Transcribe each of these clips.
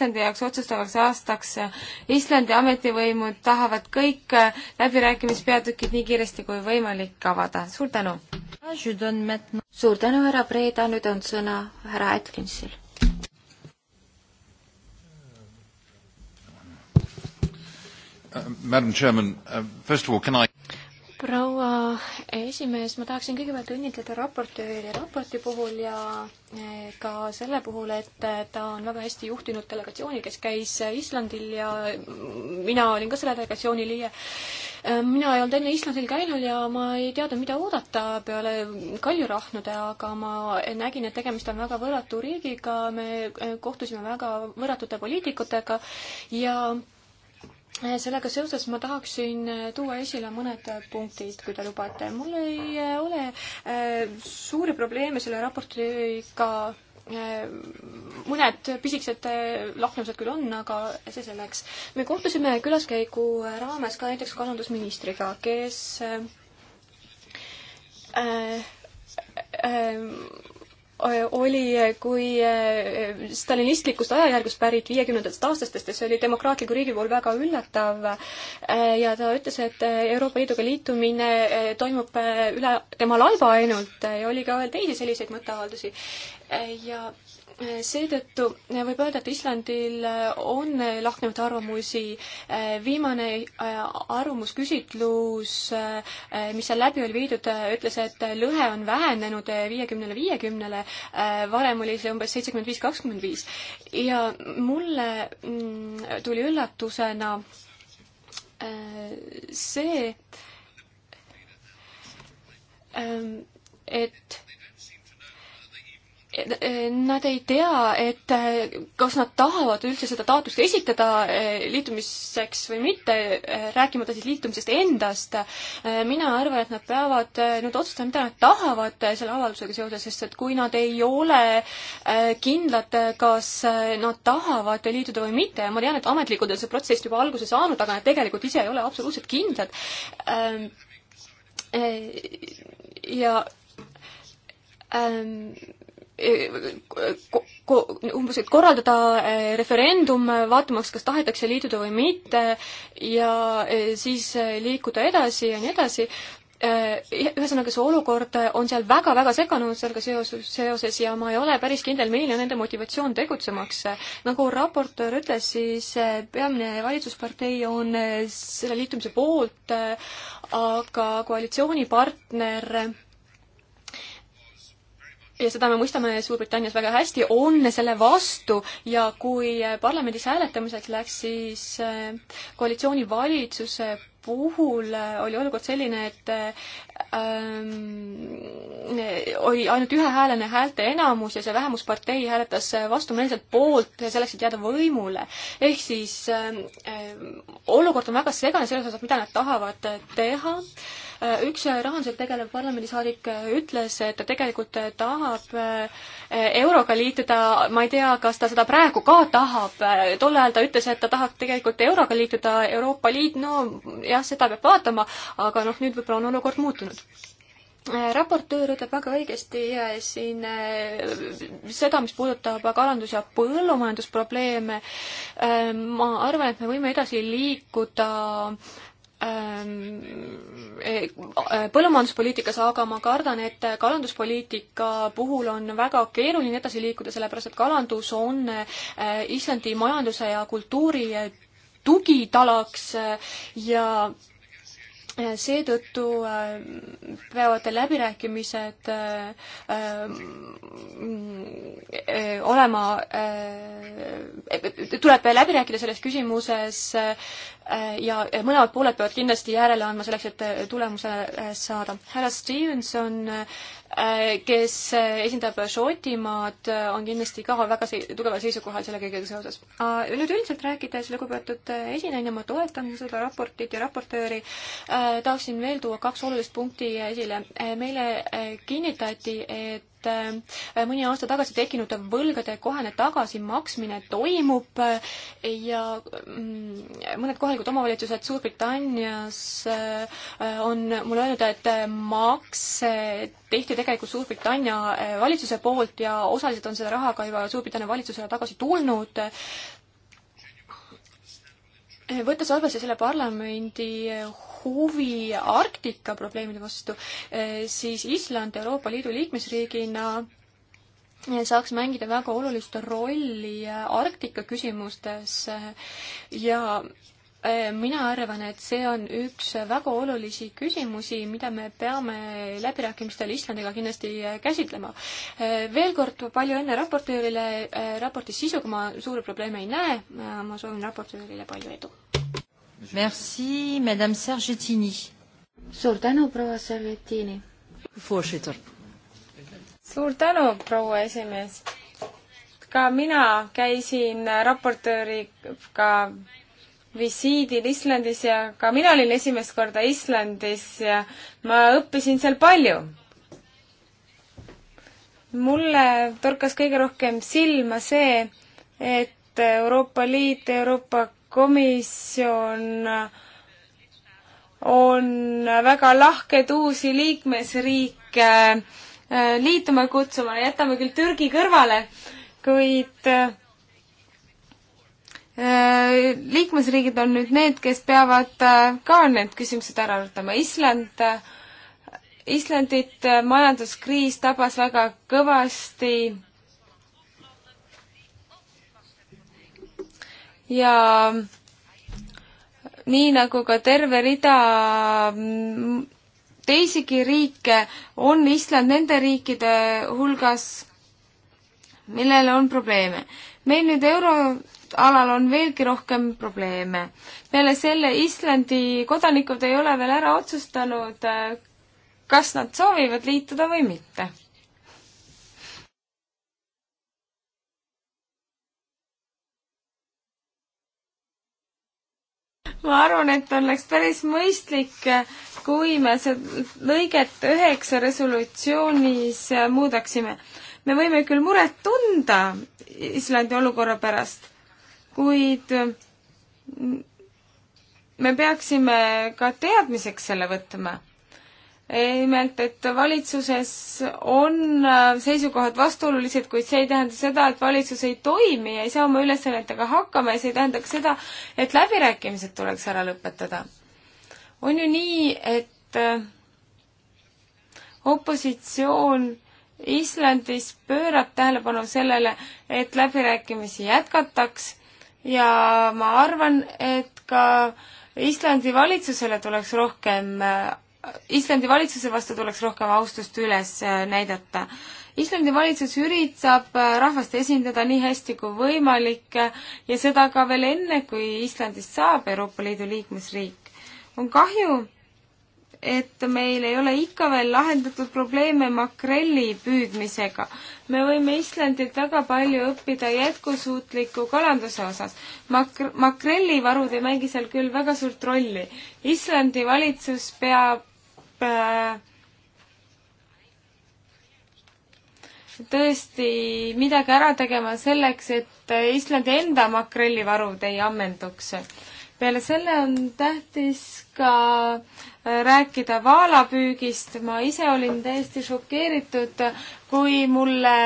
Islandi jaoks otsustavaks aastaks. Islandi ametivõimud tahavad kõik läbirääkimispeatükid nii kiiresti kui võimalik avada. suur tänu! suur tänu, härra Preeda, nüüd on sõna härra Atkinsil. Uh, Madam Chairman, uh, first of all, can I proua esimees, ma tahaksin kõigepealt õnnitleda raportööri raporti puhul ja eh, ka selle puhul, et eh, ta on väga hästi juhtinud delegatsiooni, kes käis eh, Islandil ja mm, mina olin ka selle delegatsiooni liige. mina ei olnud enne Islandil käinud ja ma ei teadnud, mida oodata peale kaljurahnude, aga ma nägin, et tegemist on väga võrratu riigiga, me kohtusime väga võrratute poliitikutega ja sellega seoses ma tahaksin äh, tuua esile mõned punktid, kui te lubate. mul ei äh, ole äh, suuri probleeme selle raportiga. mõned pisikesed lahknevused küll on, aga see selleks. me kohtusime külaskäigu raames ka näiteks kalandusministriga, kes äh, äh, oli kui eh, stalinistlikust ajajärgust pärit viiekümnendatest aastatest ja see oli demokraatliku riigi puhul väga üllatav. Eh, ja ta ütles, et eh, Euroopa Liiduga liitumine toimub üle tema laiba ainult ja oli ka veel teisi selliseid mõtteavaldusi. ja seetõttu võib öelda, et Islandil on lahknevaid arvamusi. viimane äh, arvamusküsitlus, äh, mis seal läbi oli viidud, ütles, et lõhe on vähenenud viiekümnele viiekümnele, äh, varem oli see umbes seitsekümmend viis, kakskümmend viis. ja mulle mm, tuli üllatusena see, ähm, et Nad ei tea, et kas nad tahavad üldse seda taotlust esitada eh, liitumiseks või mitte, eh, rääkimata siis liitumisest endast. Eh, mina arvan, et nad peavad nüüd otsustama, mida nad tahavad selle avaldusega seoses, sest et kui nad ei ole kindlad, kas nad tahavad liituda või mitte ja ma tean, et ametlikult on see protsess juba alguse saanud, aga nad tegelikult ise ei ole absoluutselt kindlad. Ehm, ja ähm, umbes, et korraldada eh, referendum, vaatamaks, kas tahetakse liituda või mitte ja eh, siis eh, liikuda edasi ja nii edasi. ühesõnaga, see olukord on seal väga-väga seganud sellega seoses, seoses ja ma ei ole päris kindel, milline on nende motivatsioon tegutsemaks. nagu raportöör ütles, siis peamine valitsuspartei on selle liitumise poolt, aga koalitsioonipartner ja seda me mõistame Suurbritannias väga hästi, on selle vastu ja kui parlamendis hääletamiseks läks, siis äh, koalitsioonivalitsuse puhul äh, oli olukord selline, et äh, ähm, oli ainult ühehäälene häälte enamus ja see vähemuspartei hääletas vastumeelselt poolt selleks, et jääda võimule. ehk siis ähm, olukord on väga segane selles osas, mida nad tahavad teha äh, Äh, üks äh, rahandusega tegelev parlamendisaadik äh, ütles, et ta tegelikult tahab euroga liituda, ma ei tea, kas ta seda praegu ka tahab, tol ajal ta ütles, et ta tahab tegelikult euroga liituda, Euroopa Liit, no jah, seda peab vaatama, aga noh, nüüd võib-olla on olukord muutunud raportöör ütleb väga õigesti siin seda, mis puudutab kalandus- ja põllumajandusprobleeme. ma arvan, et me võime edasi liikuda Ähm, e, e, põllumajanduspoliitikas, aga ma kardan, et kalanduspoliitika puhul on väga keeruline edasi liikuda, sellepärast et kalandus on e, Islandi majanduse ja kultuuri tugitalaks ja seetõttu peavad läbirääkimised olema, tuleb läbi rääkida selles küsimuses Äh, ja mõlemad pooled peavad kindlasti järele andma selleks, et äh, tulemuse äh, saada. härra Stevenson, kes esindab Šotimaad, on kindlasti ka väga se tugeval seisukohal selle kõigega seoses. nüüd üldiselt rääkides, lugupeetud esineja, ma toetan seda raportit ja raportööri. tahaksin veel tuua kaks olulist punkti esile. meile kinnitati, et et äh, mõni aasta tagasi tekkinud võlgade kohene tagasimaksmine toimub ja mm, mõned kohalikud omavalitsused Suurbritannias äh, on mulle öelnud, et makse tehti tegelikult Suurbritannia äh, valitsuse poolt ja osaliselt on seda raha ka juba Suurbritannia valitsusele tagasi tulnud võttes arvesse selle parlamendi huvi Arktika probleemide vastu, eh, siis Island Euroopa Liidu liikmesriigina eh, saaks mängida väga olulist rolli eh, Arktika küsimustes ja mina arvan, et see on üks väga olulisi küsimusi, mida me peame läbirääkimistel Islandiga kindlasti käsitlema. veel kord palju õnne raportöörile, raporti sisuga ma suuri probleeme ei näe, ma soovin raportöörile palju edu Merci, madame Sergetini. suur tänu, proua Sergetini. suur tänu, proua esimees. ka mina käisin raportööriga visiidil Islandis ja ka mina olin esimest korda Islandis ja ma õppisin seal palju. mulle torkas kõige rohkem silma see, et Euroopa Liit, Euroopa komisjon on väga lahked uusi liikmesriike äh, liituma kutsuma, jätame küll Türgi kõrvale, kuid äh, liikmesriigid on nüüd need, kes peavad äh, ka need küsimused ära arutama. Island, Islandit majanduskriis tabas väga kõvasti ja nii nagu ka terve rida mm, teisigi riike, on Island nende riikide hulgas, millel on probleeme. meil nüüd euroalal on veelgi rohkem probleeme. peale selle Islandi kodanikud ei ole veel ära otsustanud, kas nad soovivad liituda või mitte. ma arvan, et oleks päris mõistlik, kui me seda lõiget üheksa resolutsioonis muudaksime. me võime küll muret tunda Islandi olukorra pärast, kuid me peaksime ka teadmiseks selle võtma nimelt, et valitsuses on äh, seisukohad vastuolulised, kuid see ei tähenda seda, et valitsus ei toimi ja ei saa oma ülesannetega hakkama ja see ei tähenda ka seda, et läbirääkimised tuleks ära lõpetada. on ju nii, et äh, opositsioon Islandis pöörab tähelepanu sellele, et läbirääkimisi jätkataks ja ma arvan, et ka Islandi valitsusele tuleks rohkem äh, Islandi valitsuse vastu tuleks rohkem austust üles äh, näidata. Islandi valitsus üritab äh, rahvast esindada nii hästi kui võimalik äh, ja seda ka veel enne, kui Islandist saab Euroopa Liidu liikmesriik. on kahju, et meil ei ole ikka veel lahendatud probleeme makrelli püüdmisega. me võime Islandilt väga palju õppida jätkusuutliku kalanduse osas. Mak-, makrellivarud ei mängi seal küll väga suurt rolli. Islandi valitsus peab Äh, tõesti midagi ära tegema selleks, et Islandi enda makrellivarud ei ammenduks. peale selle on tähtis ka äh, rääkida vaalapüügist. ma ise olin täiesti šokeeritud, kui mulle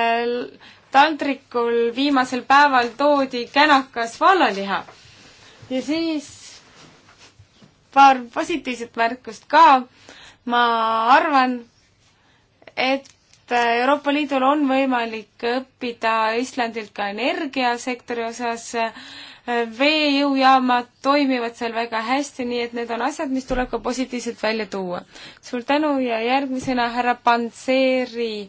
taldrikul viimasel päeval toodi känakas vaalaliha. ja siis paar positiivset märkust ka ma arvan, et Euroopa Liidul on võimalik õppida Islandilt ka energiasektori osas, veejõujaamad toimivad seal väga hästi, nii et need on asjad, mis tuleb ka positiivselt välja tuua. suur tänu ja järgmisena härra Panseri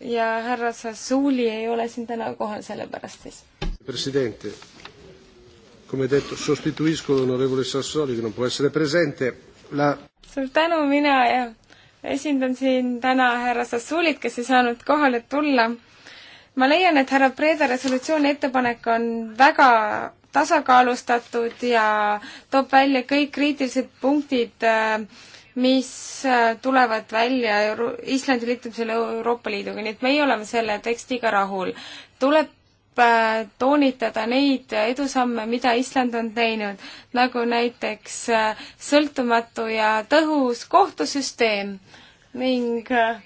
ja härra Sassuuli ei ole siin täna kohal, sellepärast siis. president, come detto, sostituisco l'onorevole Sassoli, che non può essere presente, la suur tänu, mina esindan siin täna härra Sassulit, kes ei saanud kohale tulla. ma leian, et härra Preeda resolutsiooni ettepanek on väga tasakaalustatud ja toob välja kõik kriitilised punktid äh, mis äh, tulevad välja Euro Islandi liitumisel Euroopa Liiduga, nii et meie oleme selle tekstiga rahul. tuleb Äh, toonitada neid edusamme, mida Island on teinud, nagu näiteks äh, sõltumatu ja tõhus kohtusüsteem ning äh,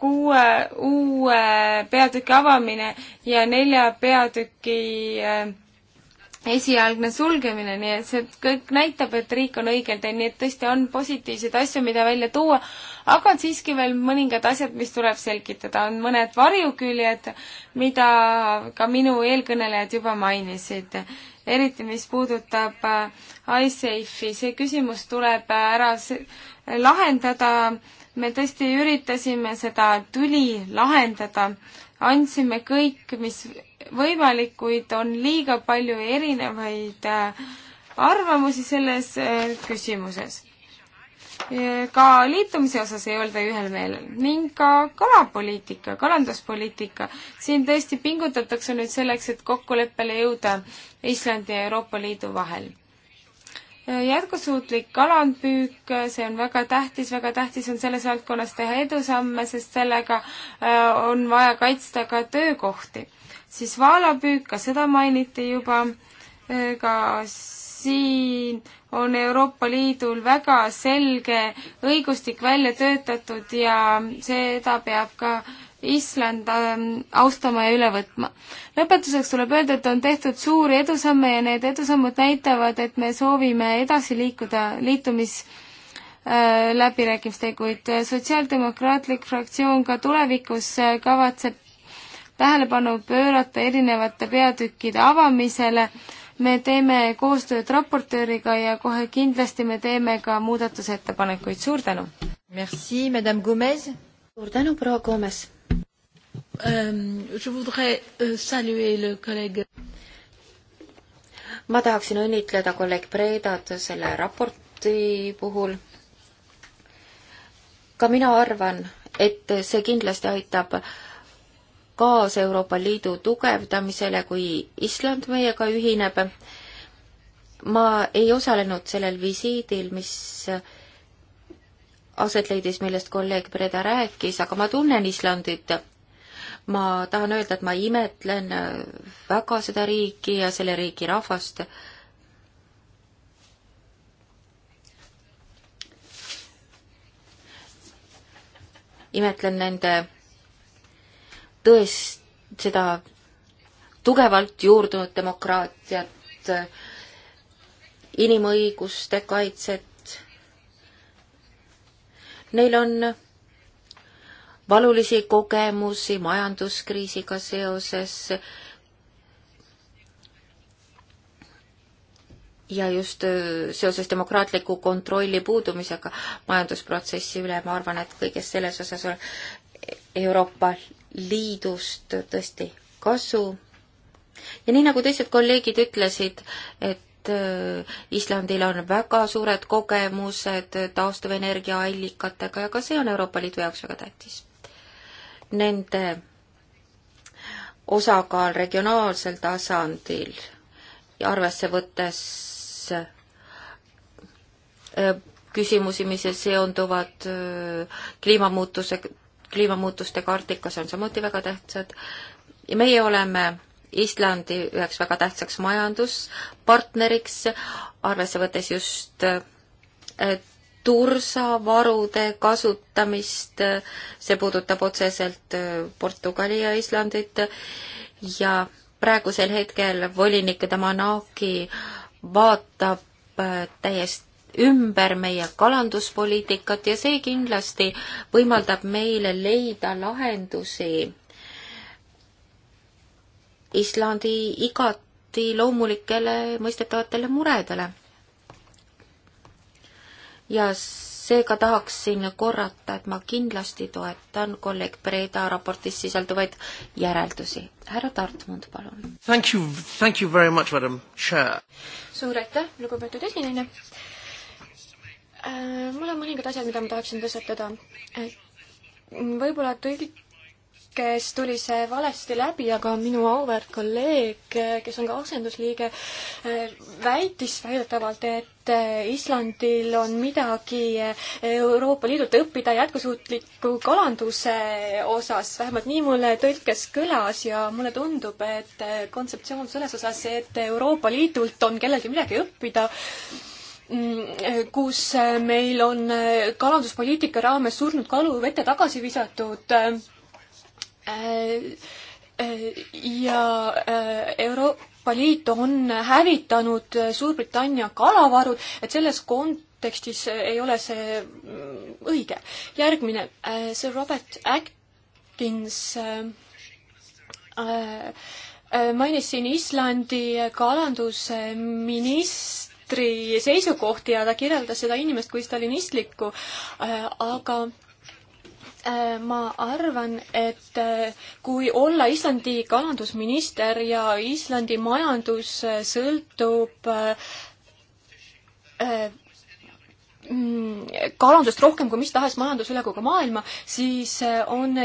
kuue uue peatüki avamine ja nelja peatüki äh, esialgne sulgemine, nii et see kõik näitab, et riik on õigel teel, nii et tõesti on positiivseid asju, mida välja tuua, aga on siiski veel mõningad asjad, mis tuleb selgitada, on mõned varjuküljed, mida ka minu eelkõnelejad juba mainisid. eriti, mis puudutab äh, iSafe'i, see küsimus tuleb äh, ära lahendada, me tõesti üritasime seda tüli lahendada andsime kõik, mis võimalik, kuid on liiga palju erinevaid äh, arvamusi selles äh, küsimuses. ka liitumise osas ei olda ühel meelel ning ka kalapoliitika, kalanduspoliitika, siin tõesti pingutatakse nüüd selleks, et kokkuleppele jõuda Islandi ja Euroopa Liidu vahel jätkusuutlik kalandpüük, see on väga tähtis, väga tähtis on selles valdkonnas teha edusamme, sest sellega äh, on vaja kaitsta ka töökohti. siis vaalapüük, ka seda mainiti juba, äh, ka siin on Euroopa Liidul väga selge õigustik välja töötatud ja seda peab ka äh, Island ähm, austama ja üle võtma. lõpetuseks tuleb öelda, et on tehtud suuri edusamme ja need edusammud näitavad, et me soovime edasi liikuda liitumis äh, läbirääkimistega, kuid Sotsiaaldemokraatlik fraktsioon ka tulevikus äh, kavatseb tähelepanu pöörata erinevate peatükkide avamisele. me teeme koostööd raportööriga ja kohe kindlasti me teeme ka muudatusettepanekuid, suur tänu! Merci, madame Gomez! suur tänu, proua Gomez! Euh, euh, ma tahaksin õnnitleda kolleeg Predat selle raporti puhul. ka mina arvan, et see kindlasti aitab kaasa Euroopa Liidu tugevdamisele, kui Island meiega ühineb. ma ei osalenud sellel visiidil, mis aset leidis, millest kolleeg Preda rääkis, aga ma tunnen Islandit ma tahan öelda, et ma imetlen äh, väga seda riiki ja selle riigi rahvast. imetlen nende tõest, seda tugevalt juurdunud demokraatiat, inimõiguste kaitset. Neil on valulisi kogemusi majanduskriisiga seoses. ja just äh, seoses demokraatliku kontrolli puudumisega majandusprotsessi üle, ma arvan, et kõiges selles osas on Euroopa Liidust tõesti kasu. ja nii, nagu teised kolleegid ütlesid, et äh, Islandil on väga suured kogemused taastuvenergiaallikatega ja ka see on Euroopa Liidu jaoks väga tähtis nende osakaal regionaalsel tasandil ja arvesse võttes äh, küsimusi, mis seonduvad äh, kliimamuutuse, kliimamuutustega Arktikas, on samuti väga tähtsad. ja meie oleme Islandi üheks väga tähtsaks majanduspartneriks, arvesse võttes just äh, tursavarude kasutamist, see puudutab otseselt äh, Portugali ja Islandit ja praegusel hetkel volinik Damanaki vaatab äh, täiesti ümber meie kalanduspoliitikat ja see kindlasti võimaldab meile leida lahendusi Islandi igati loomulikele mõistetavatele muredele ja seega tahaksin korrata, et ma kindlasti toetan kolleeg Breda raportis sisalduvaid järeldusi. härra Tartmund, palun. Thank you, thank you very much, madam chair. suur aitäh, lugupeetud esineja äh,. mul on mõningad asjad, mida ma tahaksin tõstatada. Äh, võib-olla tõlk kes tuli see valesti läbi, aga minu auväärt kolleeg, kes on ka asendusliige, väitis väidetavalt, et Islandil on midagi Euroopa Liidult õppida jätkusuutliku kalanduse osas, vähemalt nii mulle tõlkes kõlas ja mulle tundub, et kontseptsioon selles osas, et Euroopa Liidult on kellelgi midagi õppida, kus meil on kalanduspoliitika raames surnud kalu vette tagasi visatud Äh, äh, ja äh, Euroopa Liit on hävitanud Suurbritannia kalavarud, et selles kontekstis ei ole see mm, õige. järgmine, see Robert Atkins mainis siin Islandi kalandusministri seisukohti ja ta kirjeldas seda inimest kui stalinistlikku, aga Äh, ma arvan, et äh, kui olla Islandi kalandusminister ja Islandi majandus äh, sõltub mm, kalandust rohkem kui mis tahes majandusüle kogu maailma, siis on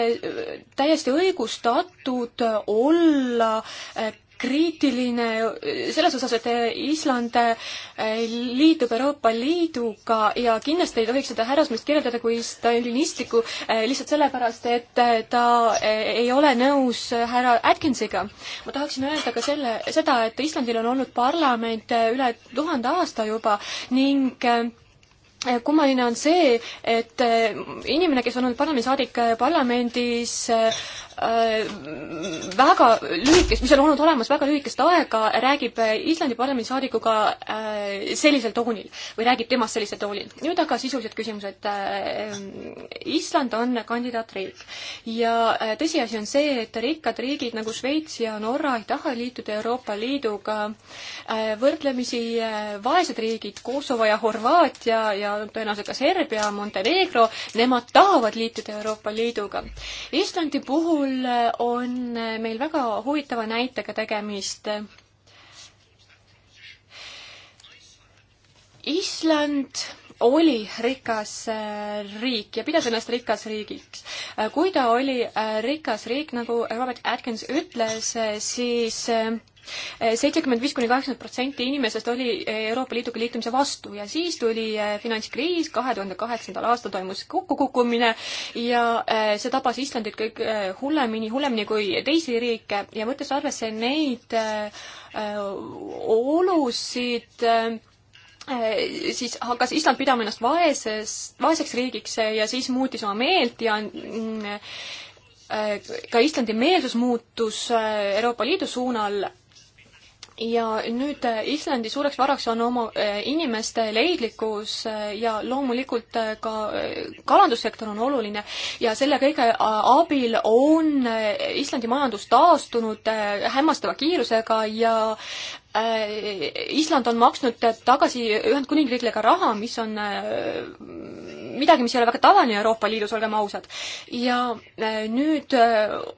täiesti õigustatud olla kriitiline selles osas, et Island eh, liitub Euroopa Liiduga ja kindlasti ei tohiks seda härrasmeest kirjeldada kui stalinistlikku eh, lihtsalt sellepärast, et eh, ta ei ole nõus härra Atkinsiga. ma tahaksin öelda ka selle, seda, et Islandil on olnud parlament üle tuhande aasta juba ning kummaline on see, et inimene, kes on olnud parlamendisaadik parlamendis Äh, väga lühikest, mis on olnud olemas väga lühikest aega, räägib äh, Islandi parlamendi saadikuga äh, sellisel toonil või räägib temast sellisel toonil. nüüd aga sisulised küsimused. Island on kandidaatriik ja tõsiasi on see, et rikkad riigid nagu Šveits ja Norra ei taha liituda Euroopa Liiduga. võrdlemisi vaesed riigid, Kosovo ja Horvaatia ja tõenäoliselt ka Serbia, Montenegro, nemad tahavad liituda Euroopa Liiduga. Islandi puhul puhul on meil väga huvitava näitega tegemist. Island oli rikas äh, riik ja pidas ennast rikas riigiks. Äh, kui ta oli äh, rikas riik, nagu Robert Atkins ütles, siis seitsekümmend viis kuni kaheksakümmend protsenti inimesest oli Euroopa Liiduga liitumise vastu ja siis tuli finantskriis, kahe tuhande kaheksandal aastal toimus kokkukukkumine ja see tabas Islandit kõige hullemini, hullemini kui teisi riike ja võttes arvesse neid olusid, Eh, siis hakkas Island pidama ennast vaeses, vaeseks riigiks eh, ja siis muutis oma meelt ja eh, ka Islandi meelsus muutus Euroopa Liidu suunal ja nüüd Islandi suureks varaks on oma inimeste leidlikkus ja loomulikult ka kalandussektor on oluline ja selle kõige abil on Islandi majandus taastunud hämmastava kiirusega ja Äh, Island on maksnud tagasi Ühendkuningriigile ka raha, mis on äh, midagi, mis ei ole väga tavaline Euroopa Liidus, olgem ausad. ja äh, nüüd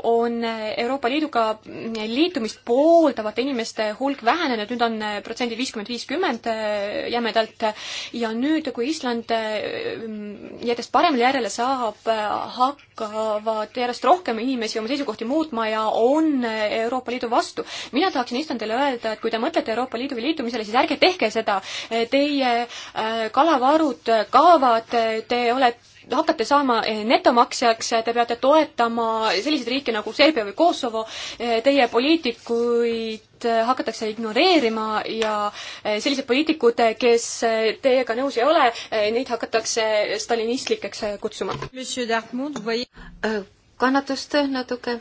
on Euroopa Liiduga liitumist pooldavate inimeste hulk vähenenud, nüüd on protsendi viiskümmend, viiskümmend jämedalt ja nüüd, kui Island järjest paremale järjele saab, hakkavad järjest rohkem inimesi oma seisukohti muutma ja on Euroopa Liidu vastu. mina tahaksin Islandile öelda, et kui te mõtlete Euroopa Liiduga liitumisele, siis ärge tehke seda. Teie äh, kalavarud kaovad, te olete hakkate saama äh, netomaksjaks, te peate toetama selliseid riike nagu Serbia või Kosovo, äh, teie poliitikuid hakatakse ignoreerima ja sellised poliitikud, kes teiega nõus ei ole, neid hakatakse stalinistlikeks kutsuma. kannatust natuke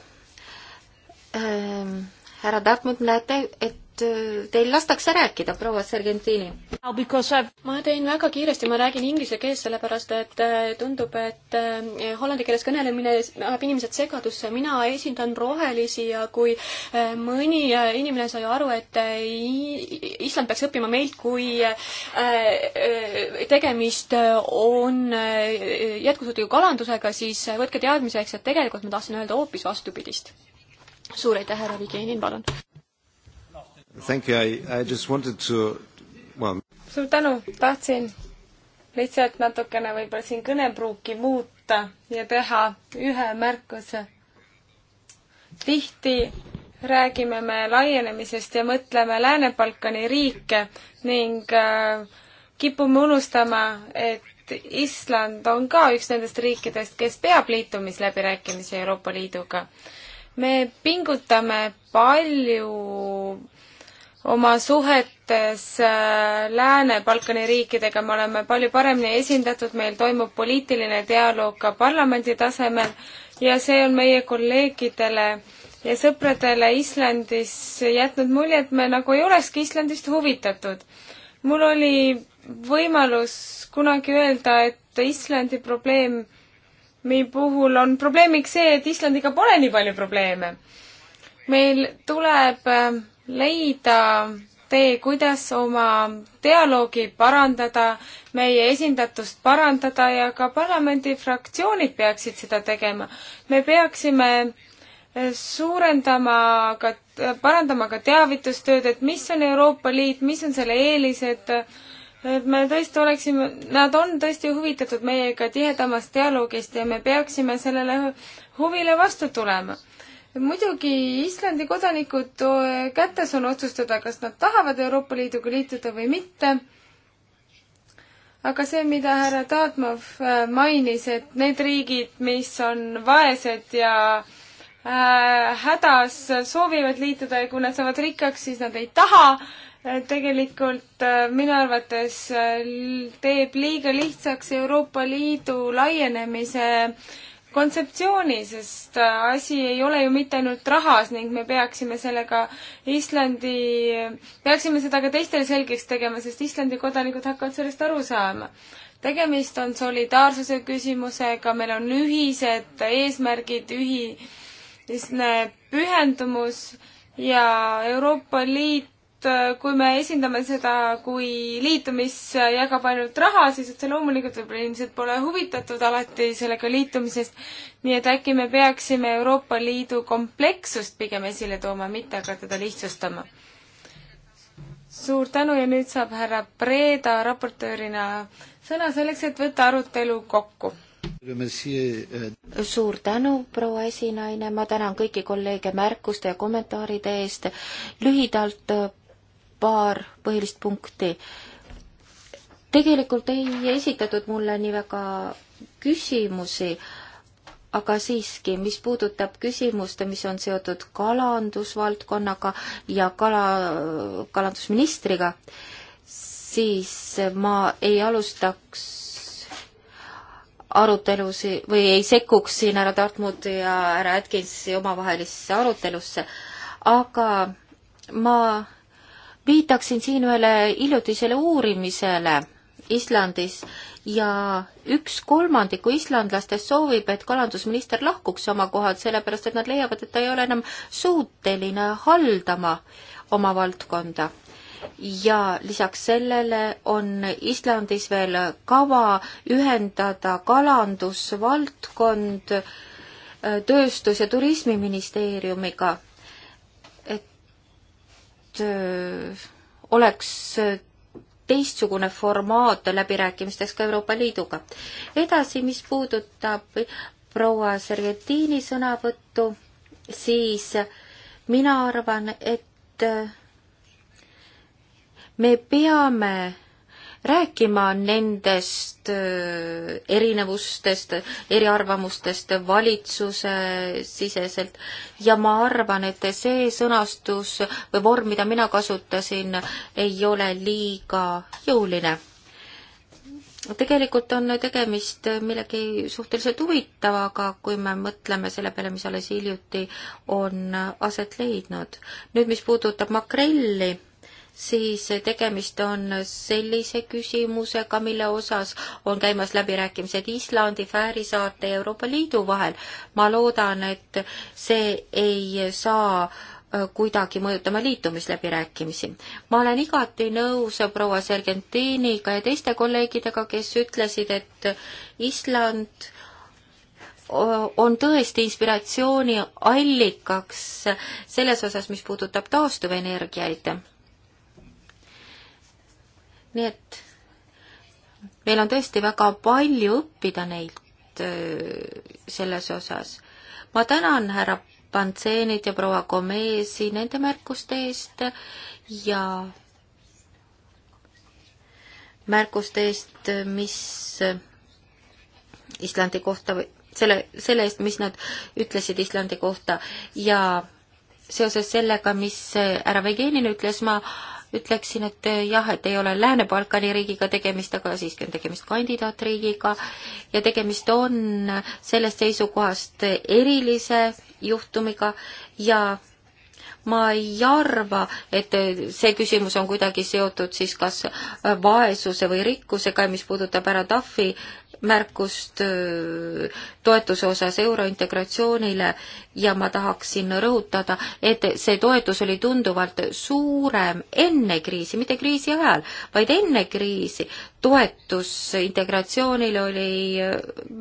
ähm,. härra Dartmouth, näete, et Äh, teil lastakse rääkida, proua Sargentini. ma teen väga kiiresti, ma räägin inglise keeles, sellepärast et äh, tundub, et äh, hollandi keeles kõnelemine ajab inimesed segadusse. mina esindan rohelisi ja kui mõni inimene sai aru, et Island peaks õppima meilt, kui tegemist on jätkusuutliku kalandusega, siis võtke teadmiseks, et tegelikult ma tahtsin öelda hoopis vastupidist. suur aitäh, härra Vigenin, palun! Thank you, I, I just wanted to well.... suur tänu, tahtsin lihtsalt natukene võib-olla siin kõnepruuki muuta ja teha ühe märkuse. tihti räägime me laienemisest ja mõtleme Lääne-Balkani riike ning äh, kipume unustama, et Island on ka üks nendest riikidest, kes peab liitumisläbirääkimisi Euroopa Liiduga. me pingutame palju oma suhetes äh, Lääne-Balkani riikidega me oleme palju paremini esindatud, meil toimub poliitiline dialoog ka parlamendi tasemel ja see on meie kolleegidele ja sõpradele Islandis jätnud mulje, et me nagu ei olekski Islandist huvitatud. mul oli võimalus kunagi öelda, et Islandi probleemi puhul on probleemiks see, et Islandiga pole nii palju probleeme. meil tuleb äh, leida tee, kuidas oma dialoogi parandada, meie esindatust parandada ja ka parlamendifraktsioonid peaksid seda tegema. me peaksime eh, suurendama ka, eh, parandama ka teavitustööd, et mis on Euroopa Liit, mis on selle eelised, et me tõesti oleksime, nad on tõesti huvitatud meiega tihedamast dialoogist ja me peaksime sellele huvile vastu tulema muidugi Islandi kodanikud eh, kätes on otsustada, kas nad tahavad Euroopa Liiduga liituda või mitte. aga see, mida härra Taatmov eh, mainis, et need riigid, mis on vaesed ja äh, hädas, soovivad liituda ja kui nad saavad rikkaks, siis nad ei taha. tegelikult äh, minu arvates äh, teeb liiga lihtsaks Euroopa Liidu laienemise äh, kontseptsiooni, sest äh, asi ei ole ju mitte ainult rahas ning me peaksime sellega Islandi, peaksime seda ka teistele selgeks tegema, sest Islandi kodanikud hakkavad sellest aru saama. tegemist on solidaarsuse küsimusega, meil on ühised eesmärgid, ühisne pühendumus ja Euroopa Liit Äh, kui me esindame seda kui liitu, mis äh, jagab ainult raha, siis otse loomulikult võib-olla inimesed pole huvitatud alati sellega liitumisest. nii et äkki me peaksime Euroopa Liidu komplekssust pigem esile tooma, mitte aga teda lihtsustama. suur tänu ja nüüd saab härra Breda raportöörina sõna selleks, et võtta arutelu kokku suur tänu, proua esinaine, ma tänan kõiki kolleege märkuste ja kommentaaride eest. lühidalt paar põhilist punkti. tegelikult ei esitatud mulle nii väga küsimusi, aga siiski, mis puudutab küsimust, mis on seotud kalandusvaldkonnaga ja kala, kalandusministriga, siis ma ei alustaks arutelusi või ei sekkuks siin härra Tartmuti ja härra Atkinsi omavahelisse arutelusse, aga ma viitaksin siin ühele hiljutisele uurimisele Islandis ja üks kolmandiku islandlastest soovib, et kalandusminister lahkuks oma kohalt, sellepärast et nad leiavad, et ta ei ole enam suuteline haldama oma valdkonda. ja lisaks sellele on Islandis veel kava ühendada kalandusvaldkond äh, tööstus- ja turismiministeeriumiga Äh, oleks äh, teistsugune formaat läbirääkimisteks ka Euroopa Liiduga. edasi, mis puudutab proua Sergentini sõnavõttu, siis mina arvan, et äh, me peame rääkima nendest äh, erinevustest, eriarvamustest valitsuse siseselt ja ma arvan, et see sõnastus või vorm, mida mina kasutasin, ei ole liiga jõuline tegelikult on tegemist millegi suhteliselt huvitavaga, kui me mõtleme selle peale, mis alles hiljuti on aset leidnud. nüüd, mis puudutab makrelli siis tegemist on sellise küsimusega, mille osas on käimas läbirääkimised Islandi, Fääri saarte ja Euroopa Liidu vahel. ma loodan, et see ei saa äh, kuidagi mõjutama liitumisläbirääkimisi. ma olen igati nõus proua Sergentiniga ja teiste kolleegidega, kes ütlesid, et Island äh, on tõesti inspiratsiooni allikaks selles osas, mis puudutab taastuvenergiaid nii et meil on tõesti väga palju õppida neilt selles osas. ma tänan härra Pantseenit ja proua Gomezi nende märkuste eest ja märkuste eest, mis Islandi kohta või selle, selle eest, mis nad ütlesid Islandi kohta ja seoses sellega, mis härra Vigenin ütles, ma ütleksin, et eh, jah, et ei ole Lääne-Balkani riigiga tegemist, aga siiski on tegemist kandidaatriigiga ja tegemist on sellest seisukohast erilise juhtumiga ja ma ei arva, et eh, see küsimus on kuidagi seotud siis kas vaesuse või rikkusega, mis puudutab härra Tafi äh, märkust toetuse osas eurointegratsioonile ja ma tahaksin rõhutada, et see toetus oli tunduvalt suurem enne kriisi, mitte kriisi ajal, vaid enne kriisi. toetus integratsioonile oli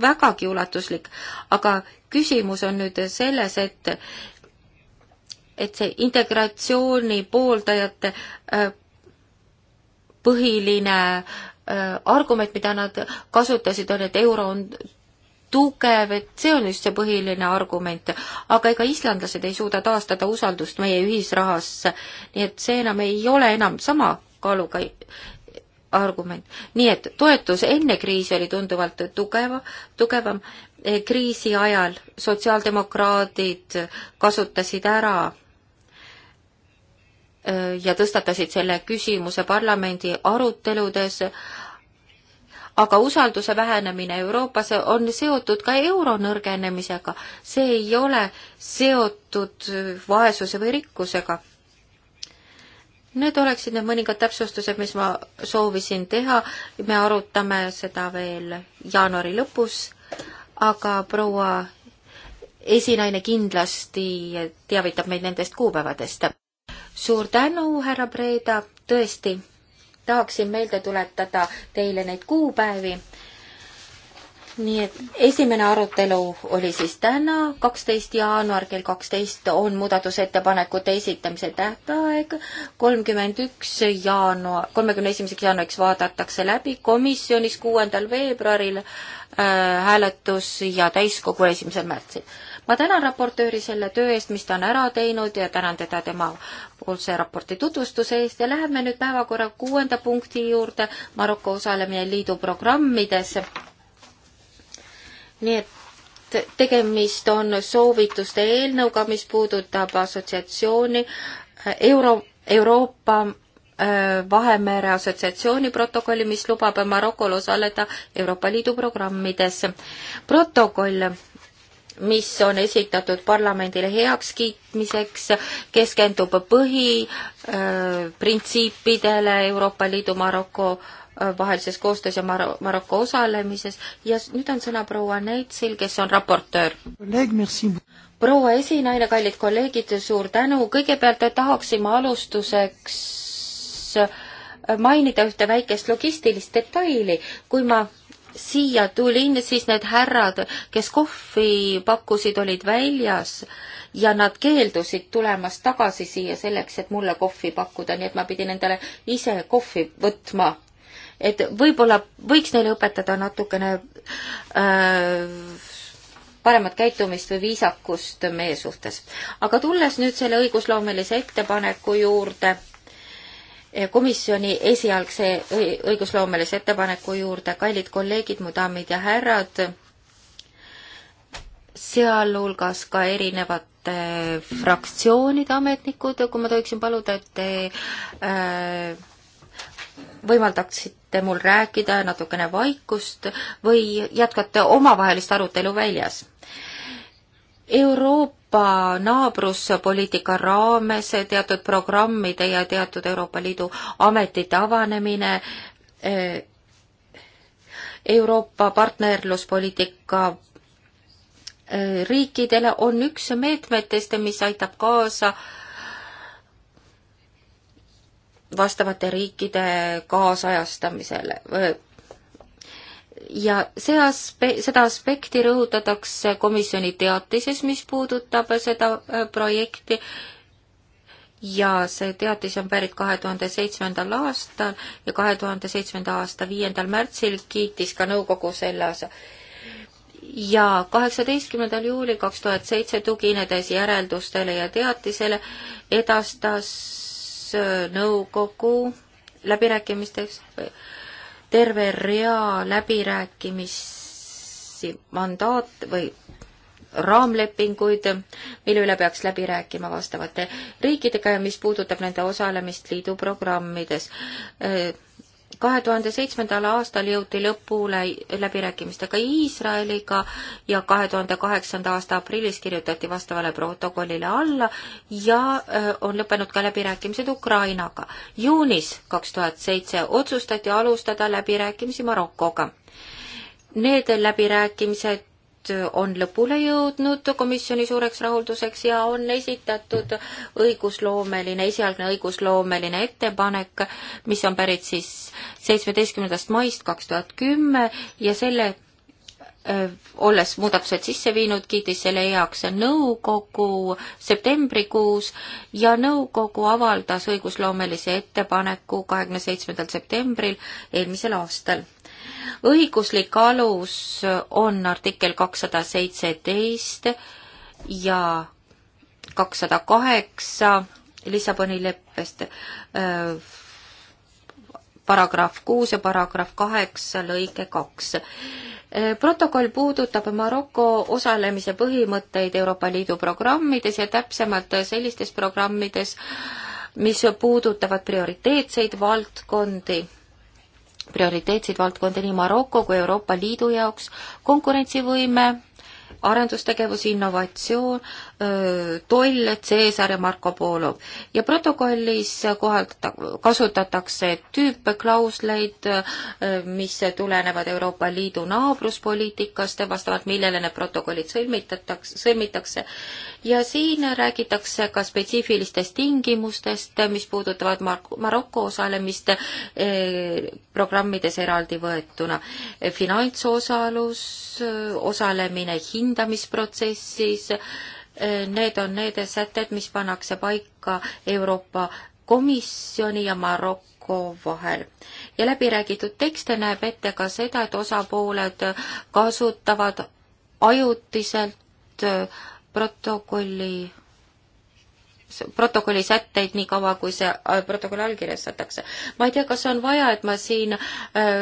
vägagi ulatuslik, aga küsimus on nüüd selles, et et see integratsiooni pooldajate põhiline äh, Äh, argument, mida nad kasutasid, oli, et euro on tugev, et see on just see põhiline argument. aga ega islandlased ei suuda taastada usaldust meie ühisrahasse, nii et see enam ei ole enam sama kaaluga argument. nii et toetus enne kriisi oli tunduvalt tugeva, tugevam, kriisi ajal sotsiaaldemokraadid kasutasid ära Äh, ja tõstatasid selle küsimuse parlamendi aruteludes, aga usalduse vähenemine Euroopas on seotud ka euro nõrgenemisega. see ei ole seotud vaesuse või rikkusega. Need oleksid need mõningad täpsustused, mis ma soovisin teha. me arutame seda veel jaanuari lõpus, aga proua esinaine kindlasti teavitab meid nendest kuupäevadest suur tänu, härra Breda, tõesti tahaksin meelde tuletada teile neid kuupäevi. nii et esimene arutelu oli siis täna, kaksteist jaanuar kell kaksteist on muudatusettepanekute esitamise tähtaeg, kolmkümmend üks jaanuar, kolmekümne esimeseks jaanuariks vaadatakse läbi komisjonis kuuendal veebruaril äh, hääletus ja täiskogul esimesel märtsil ma tänan raportööri selle töö eest, mis ta on ära teinud ja tänan teda tema poolse raporti tutvustuse eest ja läheme nüüd päevakorra kuuenda punkti juurde, Maroko osalemine liidu programmides. nii et tegemist on soovituste eelnõuga, mis puudutab assotsiatsiooni äh, Euro, Euroopa äh, Vahemere assotsiatsiooni protokolli, mis lubab Marokol osaleda Euroopa Liidu programmides. protokoll mis on esitatud parlamendile heakskiitmiseks, keskendub põhiprintsiipidele äh, Euroopa Liidu Maroko äh, vahelises koostöös ja Mar-, Maroko osalemises ja nüüd on sõna proua Neitsil, kes on raportöör. proua esinaine, kallid kolleegid, suur tänu, kõigepealt tahaksime alustuseks äh, mainida ühte väikest logistilist detaili, kui ma siia tulin, siis need härrad, kes kohvi pakkusid, olid väljas ja nad keeldusid tulemast tagasi siia selleks, et mulle kohvi pakkuda, nii et ma pidin endale ise kohvi võtma. et võib-olla võiks neile õpetada natukene äh, paremat käitumist või viisakust meie suhtes. aga tulles nüüd selle õigusloomelise ettepaneku juurde Eh, komisjoni esialgse õigusloomelise ettepaneku juurde, kallid kolleegid, mu daamid ja härrad, sealhulgas ka erinevate fraktsioonide ametnikud, kui ma tohiksin paluda, et te äh, võimaldaksite mul rääkida natukene vaikust või jätkate omavahelist arutelu väljas Euroop. Euroopa Euroopa naabruspoliitika raames teatud programmide ja teatud Euroopa Liidu ametite avanemine, eh, Euroopa partnerluspoliitika eh, riikidele on üks meetmetest, mis aitab kaasa vastavate riikide kaasajastamisele eh, ja see aspe-, seda aspekti rõhutatakse komisjoni teatises, mis puudutab seda äh, projekti ja see teatis on pärit kahe tuhande seitsmendal aastal ja kahe tuhande seitsmenda aasta viiendal märtsil kiitis ka nõukogu selle osa. ja kaheksateistkümnendal juulil kaks tuhat seitse, tuginedes järeldustele ja teatisele, edastas äh, nõukogu läbirääkimisteks äh, terve rea läbirääkimisi mandaat või raamlepinguid, mille üle peaks läbi rääkima vastavate riikidega ja mis puudutab nende osalemist liidu programmides kahe tuhande seitsmendal aastal jõuti lõpule läbirääkimistega Iisraeliga ja kahe tuhande kaheksanda aasta aprillis kirjutati vastavale protokollile alla ja äh, on lõppenud ka läbirääkimised Ukrainaga. juunis kaks tuhat seitse otsustati alustada läbirääkimisi Marokoga. Need läbirääkimised töö on lõpule jõudnud komisjoni suureks rahulduseks ja on esitatud õigusloomeline, esialgne õigusloomeline ettepanek, mis on pärit siis seitsmeteistkümnendast maist kaks tuhat kümme ja selle olles muudatused sisse viinud, kiitis selle heaks nõukogu septembrikuus ja nõukogu avaldas õigusloomelise ettepaneku kahekümne seitsmendal septembril eelmisel aastal õiguslik alus on artikkel kakssada seitseteist ja kakssada kaheksa Lissaboni leppest äh, paragrahv kuus ja paragrahv kaheksa lõige kaks protokoll puudutab Maroko osalemise põhimõtteid Euroopa Liidu programmides ja täpsemalt sellistes programmides, mis puudutavad prioriteetseid valdkondi prioriteetseid valdkondi nii Maroko kui Euroopa Liidu jaoks, konkurentsivõime, arendustegevus, innovatsioon, Toll, Caesar ja Marko Polo. ja protokollis kohaldata, kasutatakse tüüpeklausleid, mis tulenevad Euroopa Liidu naabruspoliitikast ja vastavalt millele need protokollid sõlmitatakse, sõlmitakse. ja siin räägitakse ka spetsiifilistest tingimustest, mis puudutavad Mar-, Maroko osalemist programmides eraldi võetuna. finantsosalus, osalemine hindamisprotsessis, Need on need sätted, mis pannakse paika Euroopa Komisjoni ja Maroko vahel. ja läbiräägitud tekste näeb ette ka seda, et osapooled kasutavad ajutiselt äh, protokolli protokolli sätteid nii kaua, kui see äh, protokoll allkirjastatakse. ma ei tea, kas on vaja, et ma siin äh,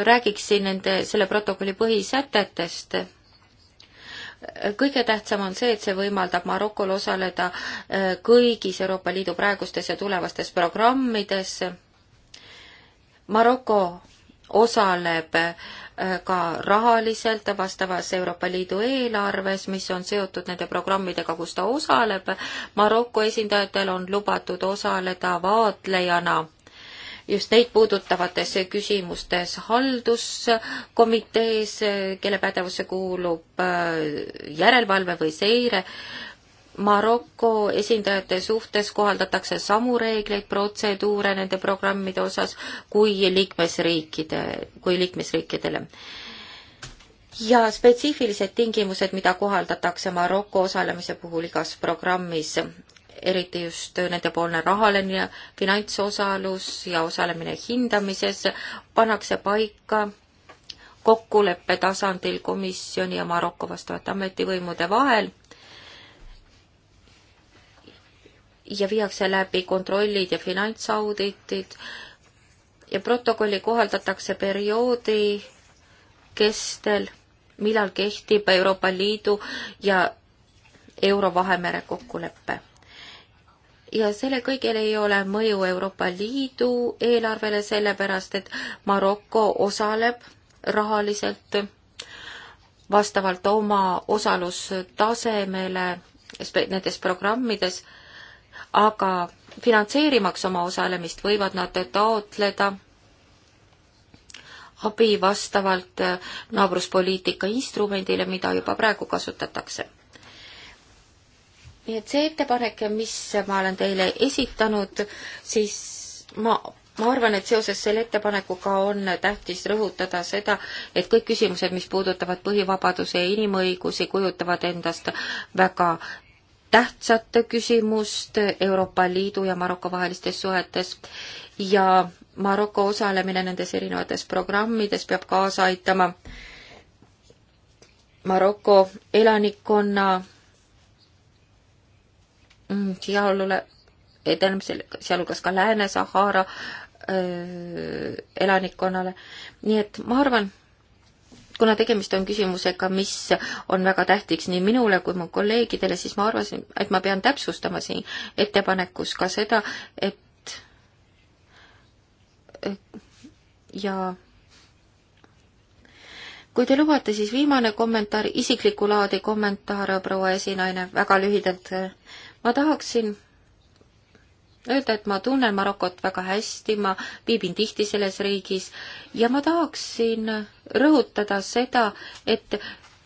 räägiksin nende, selle protokolli põhisätetest kõige tähtsam on see, et see võimaldab Marokol osaleda äh, kõigis Euroopa Liidu praegustes ja tulevastes programmides. Maroko osaleb äh, ka rahaliselt vastavas Euroopa Liidu eelarves, mis on seotud nende programmidega, kus ta osaleb. Maroko esindajatel on lubatud osaleda vaatlejana just neid puudutavates küsimustes halduskomitees, kelle pädevusse kuulub äh, järelevalve või seire. Maroko esindajate suhtes kohaldatakse samu reegleid, protseduure nende programmide osas kui liikmesriikide, kui liikmesriikidele ja spetsiifilised tingimused, mida kohaldatakse Maroko osalemise puhul igas programmis eriti just nendepoolne rahaline finantsosalus ja osalemine hindamises pannakse paika kokkuleppe tasandil komisjoni ja Maroko vastavate ametivõimude vahel ja viiakse läbi kontrollid ja finantsauditid ja protokolli kohaldatakse perioodi kestel, millal kehtib Euroopa Liidu ja Euro-Vahemere kokkulepe ja selle kõigil ei ole mõju Euroopa Liidu eelarvele, sellepärast et Maroko osaleb rahaliselt vastavalt oma osalustasemele nendes programmides, aga finantseerimaks oma osalemist võivad nad taotleda abi vastavalt naabruspoliitika instrumendile, mida juba praegu kasutatakse nii et see ettepanek, mis ma olen teile esitanud, siis ma, ma arvan, et seoses selle ettepanekuga on tähtis rõhutada seda, et kõik küsimused, mis puudutavad põhivabaduse ja inimõigusi, kujutavad endast väga tähtsat küsimust Euroopa Liidu ja Maroko vahelistes suhetes ja Maroko osalemine nendes erinevates programmides peab kaasa aitama Maroko elanikkonna heaolule mm, edenemisel, sealhulgas ka Lääne-Sahara elanikkonnale. nii et ma arvan, kuna tegemist on küsimusega, mis on väga tähtiks nii minule kui mu kolleegidele, siis ma arvasin, et ma pean täpsustama siin ettepanekus ka seda, et ja kui te lubate, siis viimane kommentaar, isikliku laadi kommentaar, proua esinaine, väga lühidalt ma tahaksin öelda, et ma tunnen Marokot väga hästi, ma viibin tihti selles riigis ja ma tahaksin rõhutada seda, et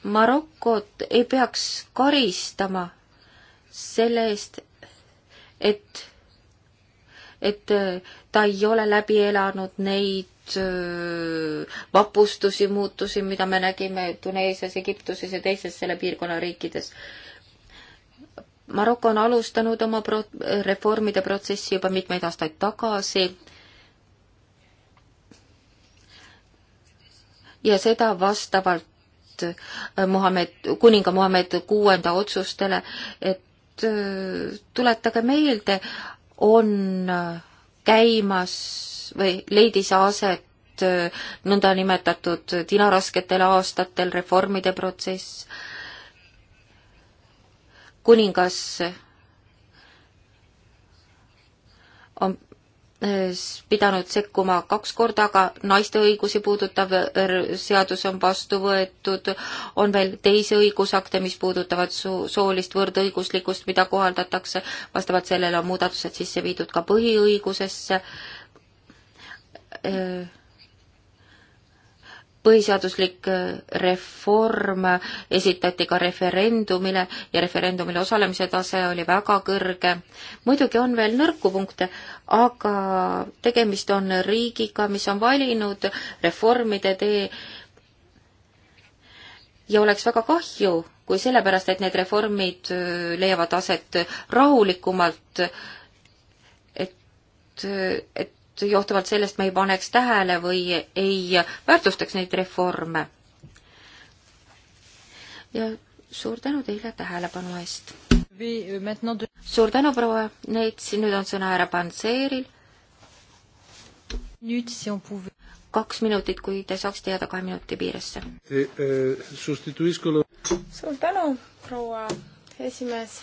Marokot ei peaks karistama selle eest, et, et ta ei ole läbi elanud neid äh, vapustusi, muutusi, mida me nägime Tuneesias, Egiptuses ja teistes selle piirkonna riikides. Maroko on alustanud oma pro-, reformide protsessi juba mitmeid aastaid tagasi ja seda vastavalt äh, Muhamed, kuninga Muhamed kuuenda otsustele, et äh, tuletage meelde, on äh, käimas või leidis aset nõndanimetatud tinarasketel aastatel reformide protsess kuningas on eh, pidanud sekkuma kaks korda, aga naiste õigusi puudutav er, seadus on vastu võetud, on veel teisi õigusakte, mis puudutavad su-, soolist võrdõiguslikkust, mida kohaldatakse, vastavalt sellele on muudatused sisse viidud ka põhiõigusesse eh, põhiseaduslik äh, reform äh, esitati ka referendumile ja referendumil osalemise tase oli väga kõrge. muidugi on veel nõrku punkte, aga tegemist on riigiga, mis on valinud reformide tee ja oleks väga kahju, kui sellepärast, et need reformid äh, leiavad aset rahulikumalt, et, et johtuvalt sellest me ei paneks tähele või ei väärtustaks neid reforme. ja suur tänu teile tähelepanu eest! suur tänu, proua Neits, nüüd on sõna härra Panseeril. kaks minutit, kui te saaksite jääda kahe minuti piiresse. E, e, suur tänu, proua esimees.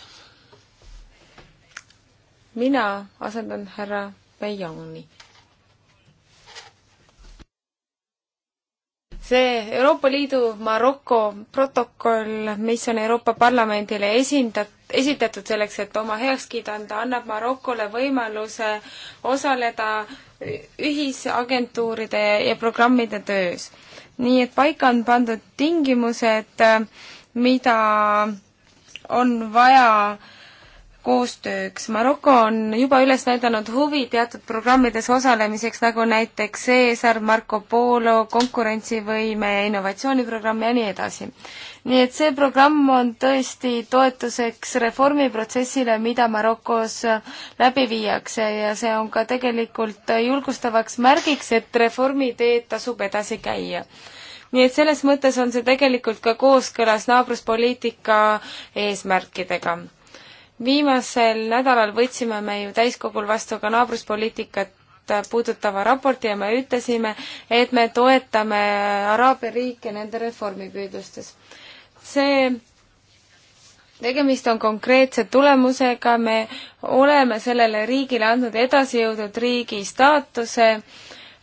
mina asendan härra Bejoni. see Euroopa Liidu Maroko protokoll, mis on Euroopa Parlamendile esindat-, esitatud selleks, et oma heakskiidu anda, annab Marokole võimaluse osaleda ühisagentuuride ja programmide töös. nii et paika on pandud tingimused, mida on vaja äh, koostööks. Maroko on juba üles näidanud huvi teatud programmides osalemiseks, nagu näiteks Caesar, Marco Polo, konkurentsivõime ja innovatsiooniprogramm ja nii edasi. nii et see programm on tõesti toetuseks reformiprotsessile, mida Marokos läbi viiakse ja see on ka tegelikult julgustavaks märgiks, et reformi teed tasub edasi käia nii et selles mõttes on see tegelikult ka kooskõlas naabruspoliitika eesmärkidega viimasel nädalal võtsime me ju täiskogul vastu ka naabruspoliitikat puudutava raporti ja me ütlesime, et me toetame Araabia riike nende reformipüüdlustes. see tegemist on konkreetse tulemusega, me oleme sellele riigile andnud edasijõudnud riigi staatuse,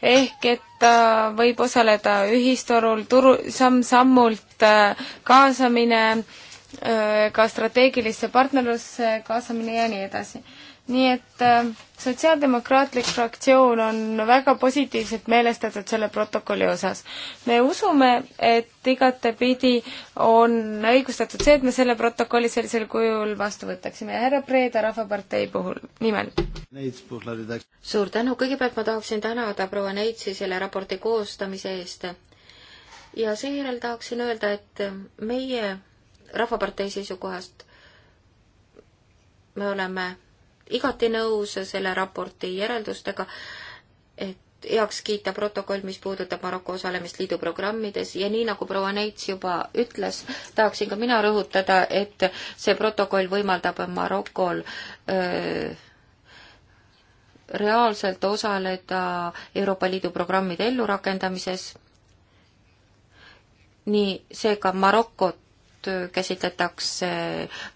ehk et ta võib osaleda ühisturul, turu, samm-sammult äh, kaasamine äh, Äh, ka strateegilisse partnerlusse kaasamine ja nii edasi. nii et äh, Sotsiaaldemokraatlik fraktsioon on väga positiivselt meelestatud selle protokolli osas. me usume, et igatepidi on õigustatud see, et me selle protokolli sellisel kujul vastu võtaksime ja härra Preeda Rahvapartei puhul, nimel. suur tänu, kõigepealt ma tahaksin tänada proua Neitsi selle raporti koostamise eest ja seejärel tahaksin öelda, et meie Rahvapartei seisukohast me oleme igati nõus selle raporti järeldustega, et heaks kiita protokoll, mis puudutab Maroko osalemist liidu programmides ja nii, nagu proua Neits juba ütles, tahaksin ka mina rõhutada, et see protokoll võimaldab Marokol öö, äh, reaalselt osaleda Euroopa Liidu programmide ellurakendamises, nii seega Marokot noort käsitletakse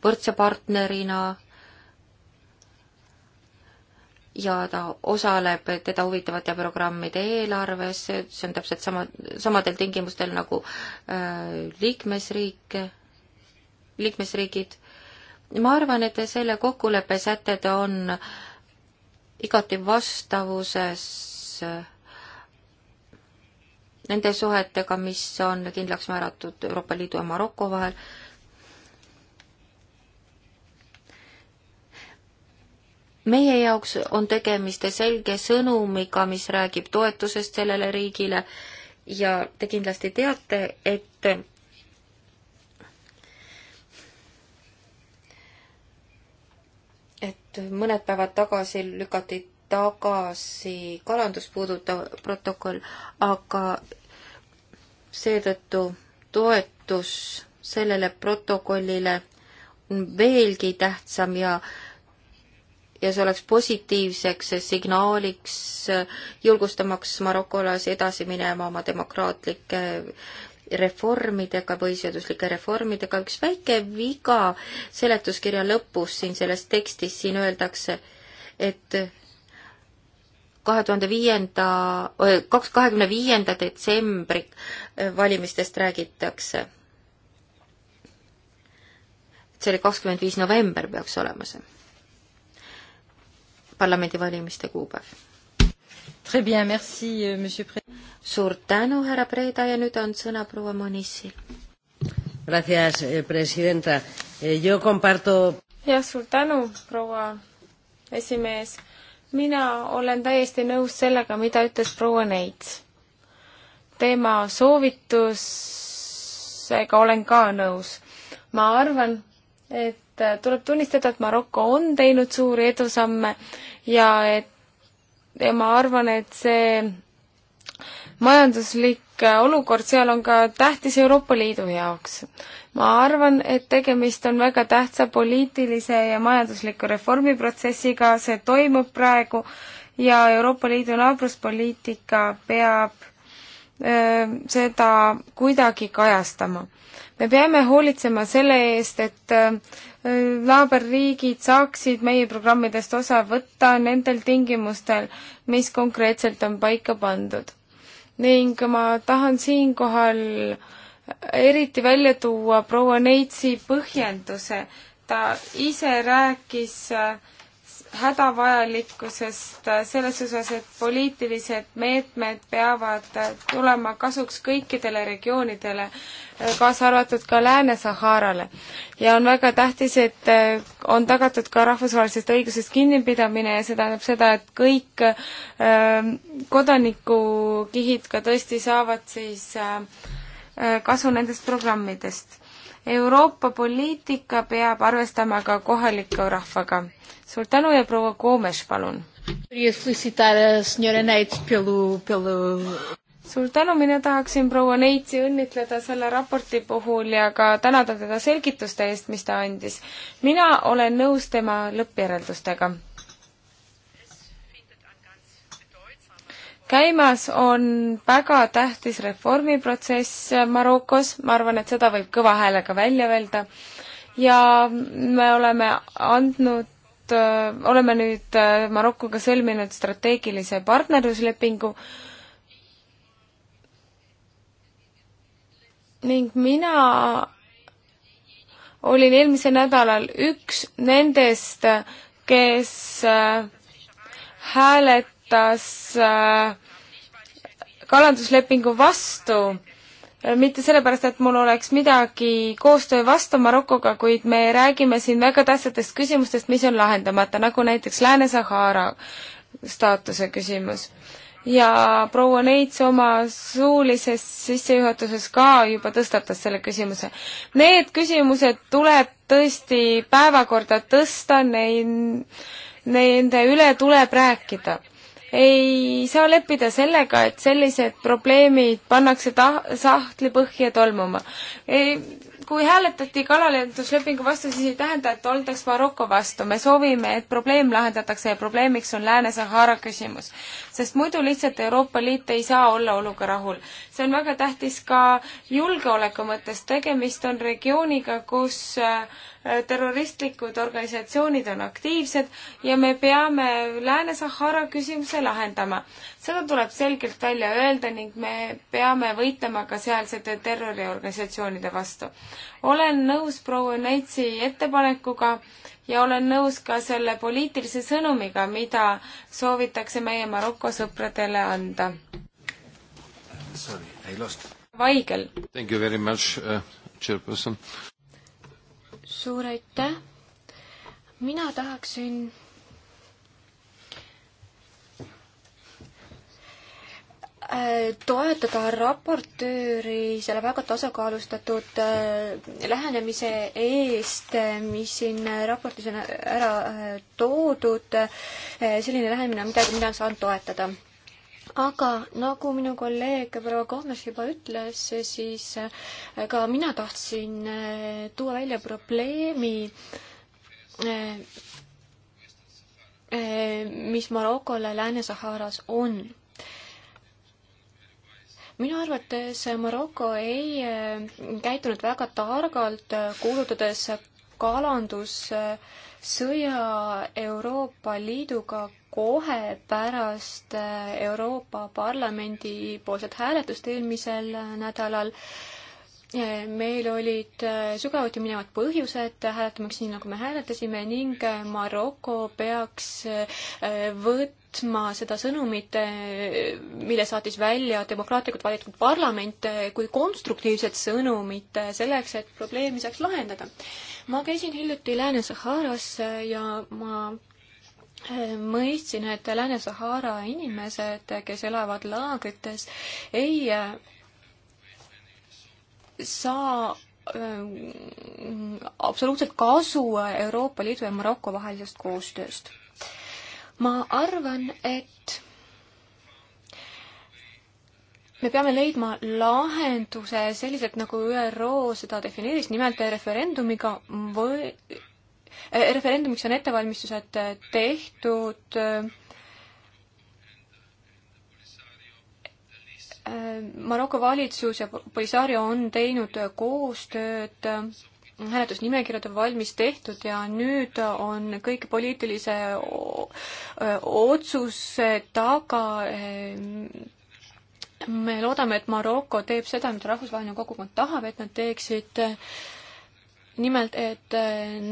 võrdse partnerina ja ta osaleb teda huvitavate programmide eelarves, see on täpselt sama, samadel tingimustel nagu äh, liikmesriik, liikmesriigid. ma arvan, et selle kokkuleppe sätted on igati vastavuses äh, nende suhetega, mis on kindlaks määratud Euroopa Liidu ja Maroko vahel. meie jaoks on tegemist selge sõnumiga, mis räägib toetusest sellele riigile ja te kindlasti teate, et et mõned päevad tagasi lükati tagasi kalandust puudutav protokoll, aga seetõttu toetus sellele protokollile on veelgi tähtsam ja ja see oleks positiivseks signaaliks, julgustamaks marokolasi edasi minema oma demokraatlike reformidega, põhiseaduslike reformidega, üks väike viga seletuskirja lõpus siin selles tekstis, siin öeldakse, et kahe tuhande viienda, kaks, kahekümne viienda detsembri valimistest räägitakse. et see oli kakskümmend viis november peaks olema see parlamendivalimiste kuupäev. Euh, suur tänu, härra Preda ja nüüd on sõna proua Monissil. Gracias, eh, presidenta. Eh, yo comparto. jah, suur tänu, proua esimees mina olen täiesti nõus sellega, mida ütles proua Neits. tema soovitusega olen ka nõus. ma arvan, et tuleb tunnistada, et Maroko on teinud suuri edusamme ja et ja ma arvan, et see majanduslik äh, olukord seal on ka tähtis Euroopa Liidu jaoks. ma arvan, et tegemist on väga tähtsa poliitilise ja majandusliku reformiprotsessiga, see toimub praegu ja Euroopa Liidu naabruspoliitika peab öö, äh, seda kuidagi kajastama. me peame hoolitsema selle eest, et öö, äh, naaberriigid saaksid meie programmidest osa võtta nendel tingimustel, mis konkreetselt on paika pandud ning ma tahan siinkohal eriti välja tuua proua Neitsi põhjenduse. ta ise rääkis äh, hädavajalikkusest äh, selles osas, et poliitilised meetmed peavad äh, tulema kasuks kõikidele regioonidele, äh, kaasa arvatud ka Lääne-Saharale. ja on väga tähtis, et on tagatud ka rahvusvahelisest õigusest kinnipidamine ja see tähendab seda, et kõik ähm, kodanikukihid ka tõesti saavad siis kasu nendest programmidest Euroopa poliitika peab arvestama ka kohaliku rahvaga. suur tänu ja proua Koomes, palun! suur tänu, mina tahaksin proua Neitsi õnnitleda selle raporti puhul ja ka tänada teda selgituste eest, mis ta andis. mina olen nõus tema lõppjäreldustega käimas on väga tähtis reformiprotsess Marokos, ma arvan, et seda võib kõva häälega välja öelda, ja me oleme andnud äh, oleme nüüd äh, Marokoga sõlminud strateegilise partnerluslepingu ning mina olin eelmisel nädalal üks nendest, kes äh, hääletas hääletas äh, kalanduslepingu vastu, mitte sellepärast, et mul oleks midagi koostöö vastu Marokoga, kuid me räägime siin väga tähtsatest küsimustest, mis on lahendamata, nagu näiteks Lääne-Sahara staatuse küsimus. ja proua Neits oma suulises sissejuhatuses ka juba tõstatas selle küsimuse. Need küsimused tuleb tõesti päevakorda tõsta, neid, nende üle tuleb rääkida ei saa leppida sellega, et sellised probleemid pannakse ta-, sahtli põhja tolmuma. kui hääletati kalalenduslepingu vastu, siis ei tähenda, et oldaks Maroko vastu. me soovime, et probleem lahendatakse ja probleemiks on Lääne-Sahara küsimus. sest muidu lihtsalt Euroopa Liit ei saa olla oluga rahul. see on väga tähtis ka julgeoleku mõttes, tegemist on regiooniga, kus äh, terroristlikud organisatsioonid on aktiivsed ja me peame Lääne-Sahara küsimuse lahendama. seda tuleb selgelt välja öelda ning me peame võitlema ka sealsete terroriorganisatsioonide vastu. olen nõus proua Neitsi ettepanekuga ja olen nõus ka selle poliitilise sõnumiga, mida soovitakse meie Maroko sõpradele anda. Sorry, I lost. Vaigel. Thank you very much uh,, chairperson suur aitäh! mina tahaksin äh, toetada raportööri selle väga tasakaalustatud äh, lähenemise eest, äh, mis siin raportis on ära toodud. selline lähenemine on midagi, mida ma saan toetada aga nagu minu kolleeg proua Kohmes juba ütles, siis äh, ka mina tahtsin äh, tuua välja probleemi, äh, mis Marokole Lääne-Saharas on. minu arvates Maroko ei käitunud väga targalt, kuulutades kalandus äh, sõja Euroopa Liiduga kohe pärast äh, Euroopa Parlamendi poolset hääletust eelmisel äh, nädalal. Äh, meil olid sügavuti minevad põhjused hääletamaks nii, nagu me hääletasime ning Maroko peaks võt-, võtma seda sõnumit, eh, mille saatis välja demokraatlikult valitud parlament, eh, kui konstruktiivset sõnumit eh, selleks, et probleemi saaks lahendada. ma käisin hiljuti Lääne-Saharas ja ma mõistsin, et Lääne-Sahara inimesed, kes elavad laagrites, ei saa absoluutselt kasu Euroopa Liidu ja Maroko vahelisest koostööst ma arvan, et me peame leidma lahenduse selliselt, nagu ÜRO seda defineeris, nimelt referendumiga või eh, referendumiks on ettevalmistused tehtud eh, Maroko valitsus ja Polisario on teinud koostööd eh, hääletusnimekirjad on valmis tehtud ja nüüd on kõik poliitilise otsuse taga me loodame, et Maroko teeb seda, mida rahvusvaheline kogukond tahab, et nad teeksid nimelt, et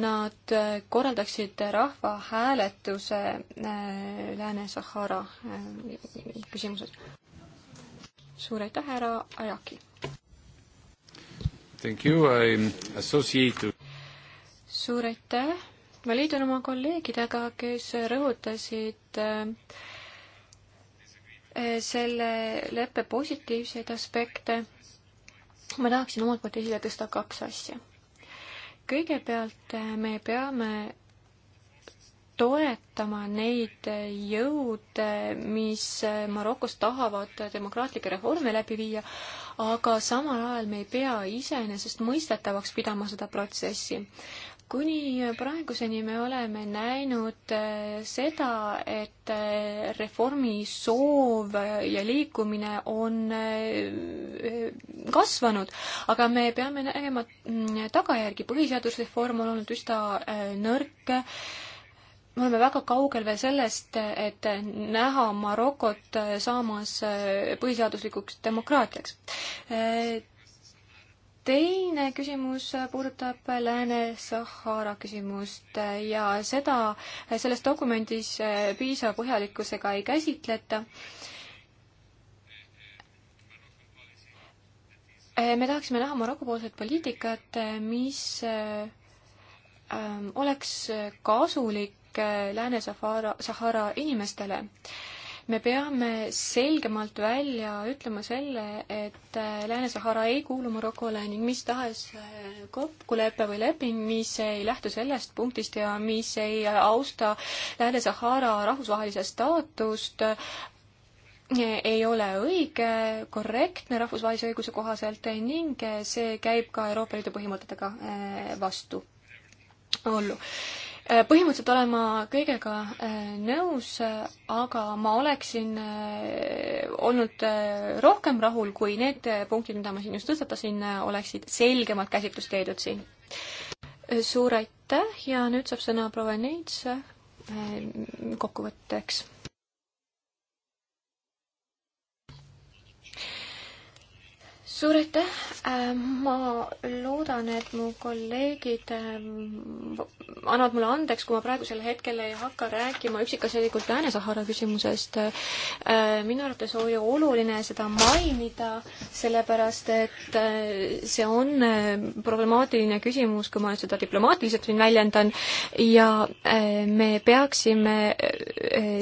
nad korraldaksid rahvahääletuse äh, Lääne-Sahara äh, küsimuses. suur aitäh, härra Ajaki! Thank you, I associate. suur aitäh, ma liitun oma kolleegidega, kes rõhutasid äh, selle leppe positiivseid aspekte. ma tahaksin omalt poolt esile tõsta kaks asja kõigepealt äh, me peame toetama neid jõude, mis Marokos tahavad demokraatlikke reforme läbi viia, aga samal ajal me ei pea iseenesestmõistetavaks pidama seda protsessi. kuni praeguseni me oleme näinud eh, seda, et eh, reformi soov ja liikumine on eh, kasvanud, aga me peame nägema mm, tagajärgi, põhiseadusreform on olnud üsna nõrk, me oleme väga kaugel veel sellest, et näha Marokot saamas põhiseaduslikuks demokraatiaks. teine küsimus puudutab Lääne-Sahara küsimust ja seda selles dokumendis piisava põhjalikkusega ei käsitleta. me tahaksime näha Maroko poolset poliitikat, mis ähm, oleks kasulik Äh, Lääne-Sahara, Sahara inimestele. me peame selgemalt välja ütlema selle, et äh, Lääne-Sahara ei kuulu Marokole ning mis tahes äh, kokkulepe või leping, mis ei lähtu sellest punktist ja mis ei austa Lääne-Sahara rahvusvahelise staatust, ei ole õige, korrektne rahvusvahelise õiguse kohaselt ning see käib ka Euroopa Liidu põhimõtetega vastu ollu. Äh, põhimõtteliselt olen ma kõigega äh, nõus, äh, aga ma oleksin olnud rohkem rahul, kui need punktid, mida ma siin just tõstatasin, oleksid selgemat käsitlust leidnud siin. suur aitäh ja nüüd saab sõna proua Neits kokkuvõtteks suur aitäh, äh, ma loodan, et mu kolleegid äh, annavad mulle andeks, kui ma praegusel hetkel ei hakka rääkima üksikasjalikult Lääne-Sahara küsimusest. Äh, minu arvates oli oluline seda mainida, sellepärast et see on problemaatiline küsimus, kui ma nüüd seda diplomaatiliselt siin väljendan, ja me peaksime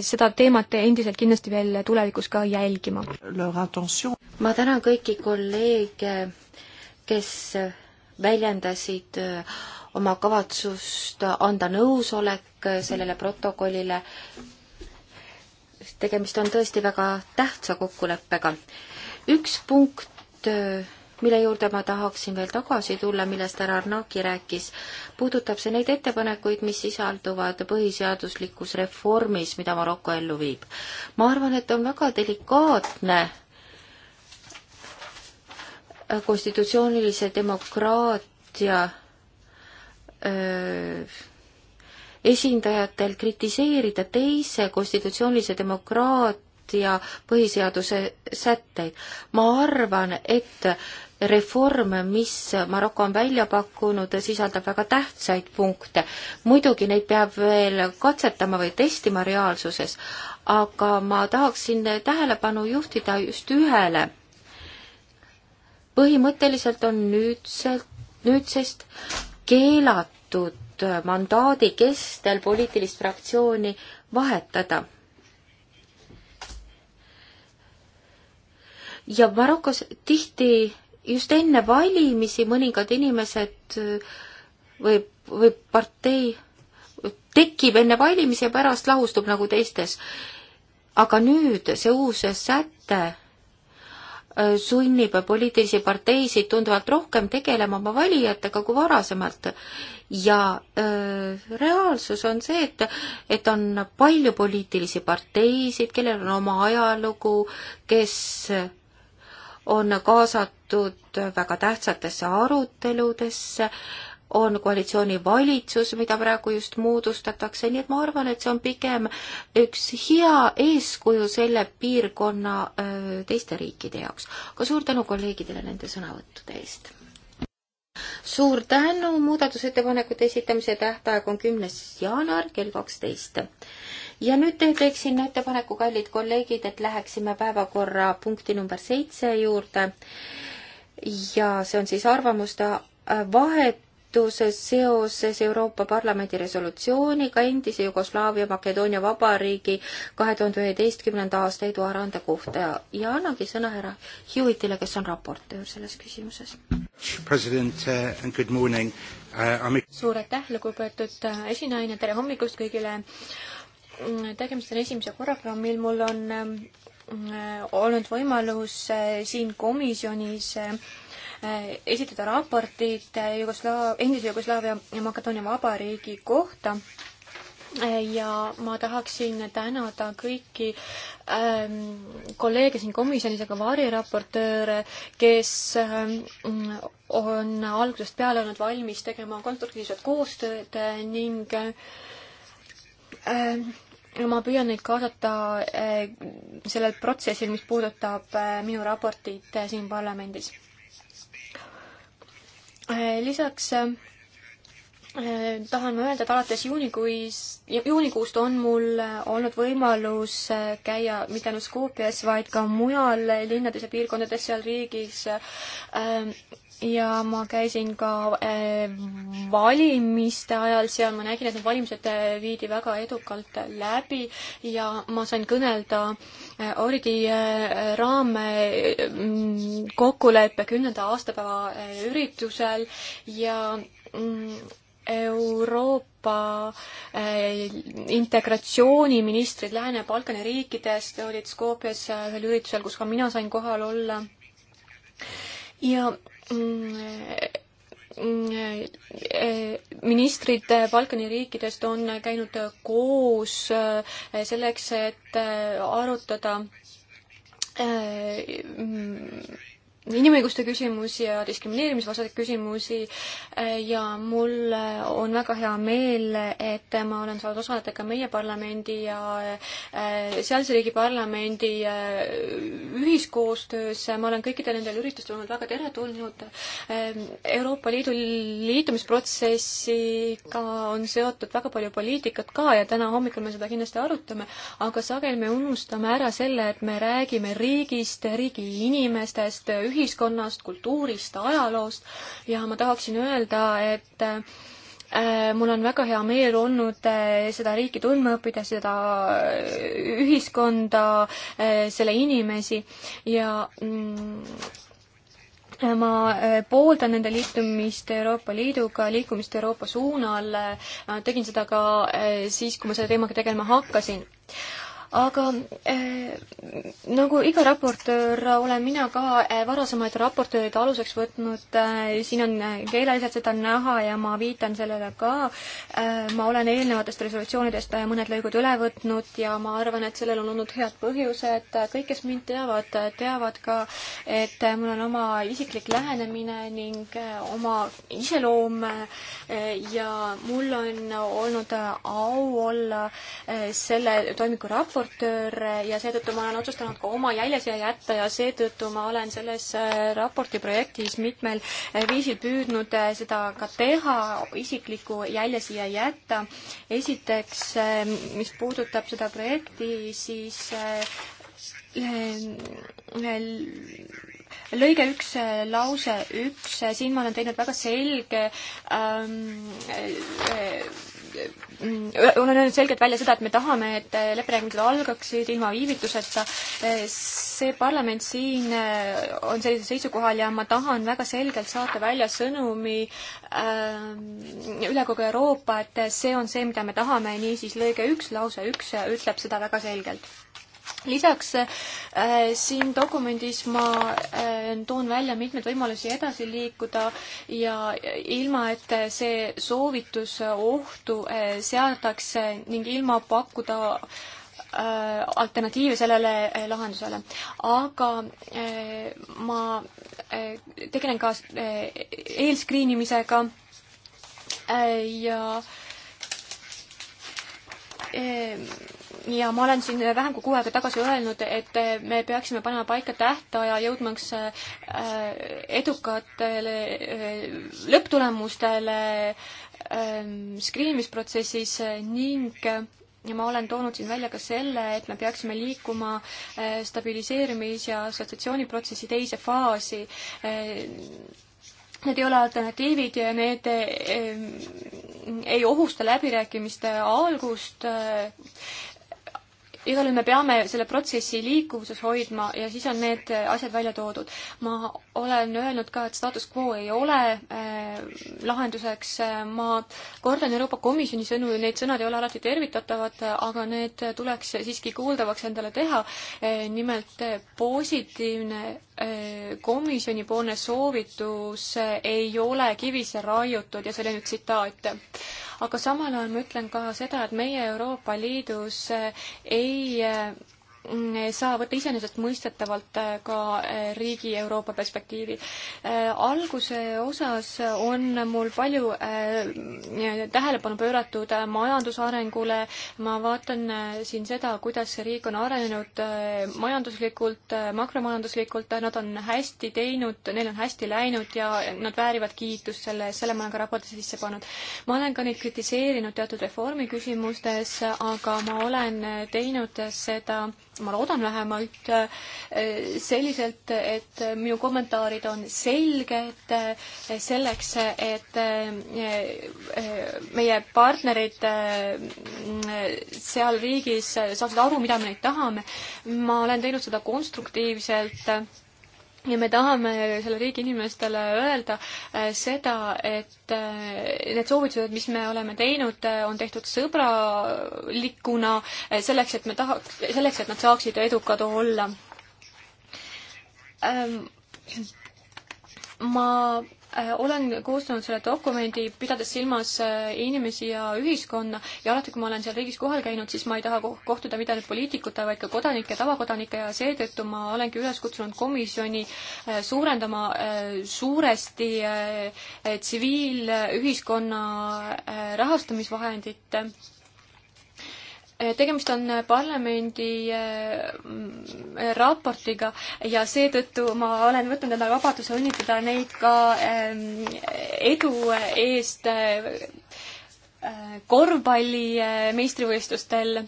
seda teemat endiselt kindlasti veel tulevikus ka jälgima. ma tänan kõiki kolleege, kolleege, kes väljendasid äh, oma kavatsust anda nõusolek äh, sellele protokollile. tegemist on tõesti väga tähtsa kokkuleppega. üks punkt, äh, mille juurde ma tahaksin veel tagasi tulla, millest härra Arnaki rääkis, puudutab see neid ettepanekuid, mis sisalduvad põhiseaduslikus reformis, mida Maroko ellu viib. ma arvan, et on väga delikaatne konstitutsioonilise demokraatia öö, esindajatel kritiseerida teise konstitutsioonilise demokraatia põhiseaduse sätteid. ma arvan, et reform, mis Maroko on välja pakkunud, sisaldab väga tähtsaid punkte. muidugi neid peab veel katsetama või testima reaalsuses, aga ma tahaksin tähelepanu juhtida just ühele põhimõtteliselt on nüüdselt, nüüdsest keelatud mandaadi kestel poliitilist fraktsiooni vahetada. ja Marokos tihti just enne valimisi mõningad inimesed või, või partei tekib enne valimisi ja pärast lahustub nagu teistes. aga nüüd see uus säte sunnib poliitilisi parteisid tunduvalt rohkem tegelema oma valijatega kui varasemalt. ja öö, äh, reaalsus on see, et, et on palju poliitilisi parteisid, kellel on oma ajalugu, kes on kaasatud väga tähtsatesse aruteludesse, on koalitsioonivalitsus, mida praegu just moodustatakse, nii et ma arvan, et see on pigem üks hea eeskuju selle piirkonna öö, teiste riikide jaoks. ka suur tänu kolleegidele nende sõnavõttude eest! suur tänu, muudatusettepanekute esitamise tähtaeg on kümnes jaanuar kell kaksteist ja nüüd teeksin ettepaneku, kallid kolleegid, et läheksime päevakorrapunkti number seitse juurde. ja see on siis arvamuste vahet kiituses seoses Euroopa Parlamendi resolutsiooniga endise Jugoslaavia Makedoonia Vabariigi kahe tuhande üheteistkümnenda aasta eduaruande kohta ja, ja annangi sõna härra Hewitile, kes on raportöör selles küsimuses. president uh, and good morning uh,. suur aitäh, lugupeetud uh, esinaine, tere hommikust kõigile. Mm, tegemist on esimese korraga, mil mul on um, uh, olnud võimalus siin komisjonis Äh, esitada raportid Jugoslaav, endise Jugoslaavia ja Makedoonia Vabariigi kohta äh, ja ma tahaksin tänada kõiki ähm, kolleege siin komisjonis, aga variraportööre, kes ähm, on algusest peale olnud valmis tegema konstruktiivset koostööd äh, ning ähm, ma püüan neid kaasata äh, sellel protsessil, mis puudutab äh, minu raportit äh, siin parlamendis Äh, lisaks äh, tahan ma öelda, et alates juunikuis, juunikuust on mul äh, olnud võimalus käia mitte ainult Skopjas, vaid ka mujal linnades ja piirkondades seal riigis. Ähm, ja ma käisin ka valimiste ajal seal, ma nägin, et need valimised viidi väga edukalt läbi ja ma sain kõnelda äh, origi äh, raamkokkuleppe äh, kümnenda aastapäeva äh, üritusel ja mm, Euroopa integratsiooniministrid Lääne-Balkani riikidest olid Skopjas ühel üritusel, kus ka mina sain kohal olla. ja mm, ministrid Balkani riikidest on käinud koos eh, selleks, et eh, arutada eh, inimõiguste küsimusi ja diskrimineerimisvastaseid küsimusi äh, ja mul äh, on väga hea meel, et ma olen saanud osaleda ka meie parlamendi ja äh, sealse riigi parlamendi ühiskoostöös. ma olen kõikidel nendel üritustel olnud väga teretulnud. Euroopa Liidu liitumisprotsessiga on seotud väga palju poliitikat ka ja täna hommikul me seda kindlasti arutame, aga sageli me unustame ära selle, et me räägime riigist, riigi inimestest, ühiskonnast, ühiskonnast, kultuurist, ajaloost ja ma tahaksin öelda, et äh, mul on väga hea meel olnud äh, seda riiki tundma õppida, seda äh, ühiskonda, selle inimesi ja mm, ma pooldan nende liitumist Euroopa Liiduga, liikumist Euroopa suunal, tegin seda ka siis, kui ma selle teemaga tegelema hakkasin aga äh, nagu iga raportöör olen mina ka äh, varasemaid raportööreid aluseks võtnud äh,, siin on keeleliselt seda näha ja ma viitan sellele ka. ma olen eelnevatest resolutsioonidest mõned lõigud üle võtnud ja ma arvan, et sellel on olnud head põhjused. kõik, kes mind teavad, teavad ka, et mul on oma isiklik lähenemine ning oma iseloom ja mul on olnud au olla selle toimiku raport, raportöör ja seetõttu ma olen otsustanud ka oma jälje siia jätta ja seetõttu ma olen selles äh, raporti projektis mitmel äh, viisil püüdnud äh, seda ka teha, isikliku jälje siia jätta. esiteks, mis puudutab seda projekti, siis lõige üks, lause üks, siin ma olen teinud väga selge ähm, Äh, olen öelnud selgelt välja seda, et me tahame, et äh, läbirääkimised algaksid ilma viivituseta. Äh, see parlament siin on sellisel seisukohal ja ma tahan väga selgelt saata välja sõnumi üle kogu Euroopa, et see on see, mida me tahame, niisiis lõige üks, lause üks ütleb seda väga selgelt lisaks äh, siin dokumendis ma äh, toon välja mitmeid võimalusi edasi liikuda ja ilma, et see soovitus äh, ohtu seataks ning ilma pakkuda alternatiive sellele lahendusele. aga ma tegelen ka eelscreenimisega ja ja ma olen siin vähem kui kuu aega tagasi öelnud, et me peaksime panema paika tähtaja jõudmaks äh, edukatele äh, lõpptulemustele ähm, skriinimisprotsessis ning ja ma olen toonud siin välja ka selle, et me peaksime liikuma äh, stabiliseerimis- ja assotsiatsiooniprotsessi teise faasi. Need ei ole alternatiivid ja need ei ohusta läbirääkimiste algust igal juhul me peame selle protsessi liikuvuses hoidma ja siis on need äh, asjad välja toodud. ma olen öelnud ka, et status quo ei ole äh, lahenduseks, äh, ma kordan Euroopa Komisjoni sõnu, need sõnad ei ole alati tervitatavad, äh, aga need tuleks siiski kuuldavaks endale teha, nimelt positiivne Äh, komisjonipoolne soovitus äh, ei ole kivisse raiutud ja see oli nüüd tsitaat. aga samal ajal ma ütlen ka seda, et meie Euroopa Liidus äh, ei saa võtta iseenesestmõistetavalt äh, ka äh, riigi Euroopa perspektiivi. Äh, alguse osas on mul palju tähelepanu pööratud majandusarengule, ma vaatan siin seda, kuidas see riik on arenenud majanduslikult, makromajanduslikult, nad on hästi teinud, neil on hästi läinud ja nad väärivad kiitust selle eest, selle ma olen ka raportisse sisse pannud. ma olen ka neid kritiseerinud teatud reformi küsimustes, aga ma olen teinud seda ma loodan vähemalt eh, selliselt, et minu kommentaarid on selged eh, selleks, et eh, meie partnerid seal riigis saaksid aru, mida me neilt tahame. ma olen teinud seda konstruktiivselt ja me tahame selle riigi inimestele öelda äh, seda, et äh, need soovitused, mis me oleme teinud, äh, on tehtud sõbralikuna selleks, et me tahaks, selleks, et nad saaksid edukad olla. Ähm, ma Äh, olen koostanud selle dokumendi, pidades silmas äh, inimesi ja ühiskonna ja alati, kui ma olen seal riigis kohal käinud, siis ma ei taha kohtuda mitte ainult poliitikute, vaid ka kodanike, tavakodanike ja seetõttu ma olengi üles kutsunud komisjoni äh, suurendama suuresti tsiviilühiskonna rahastamisvahendit Äh, tegemist on äh, parlamendi äh, raportiga ja seetõttu ma olen võtnud endale vabaduse õnnitleda neid ka ähm, edu eest korvpalli meistrivõistlustel.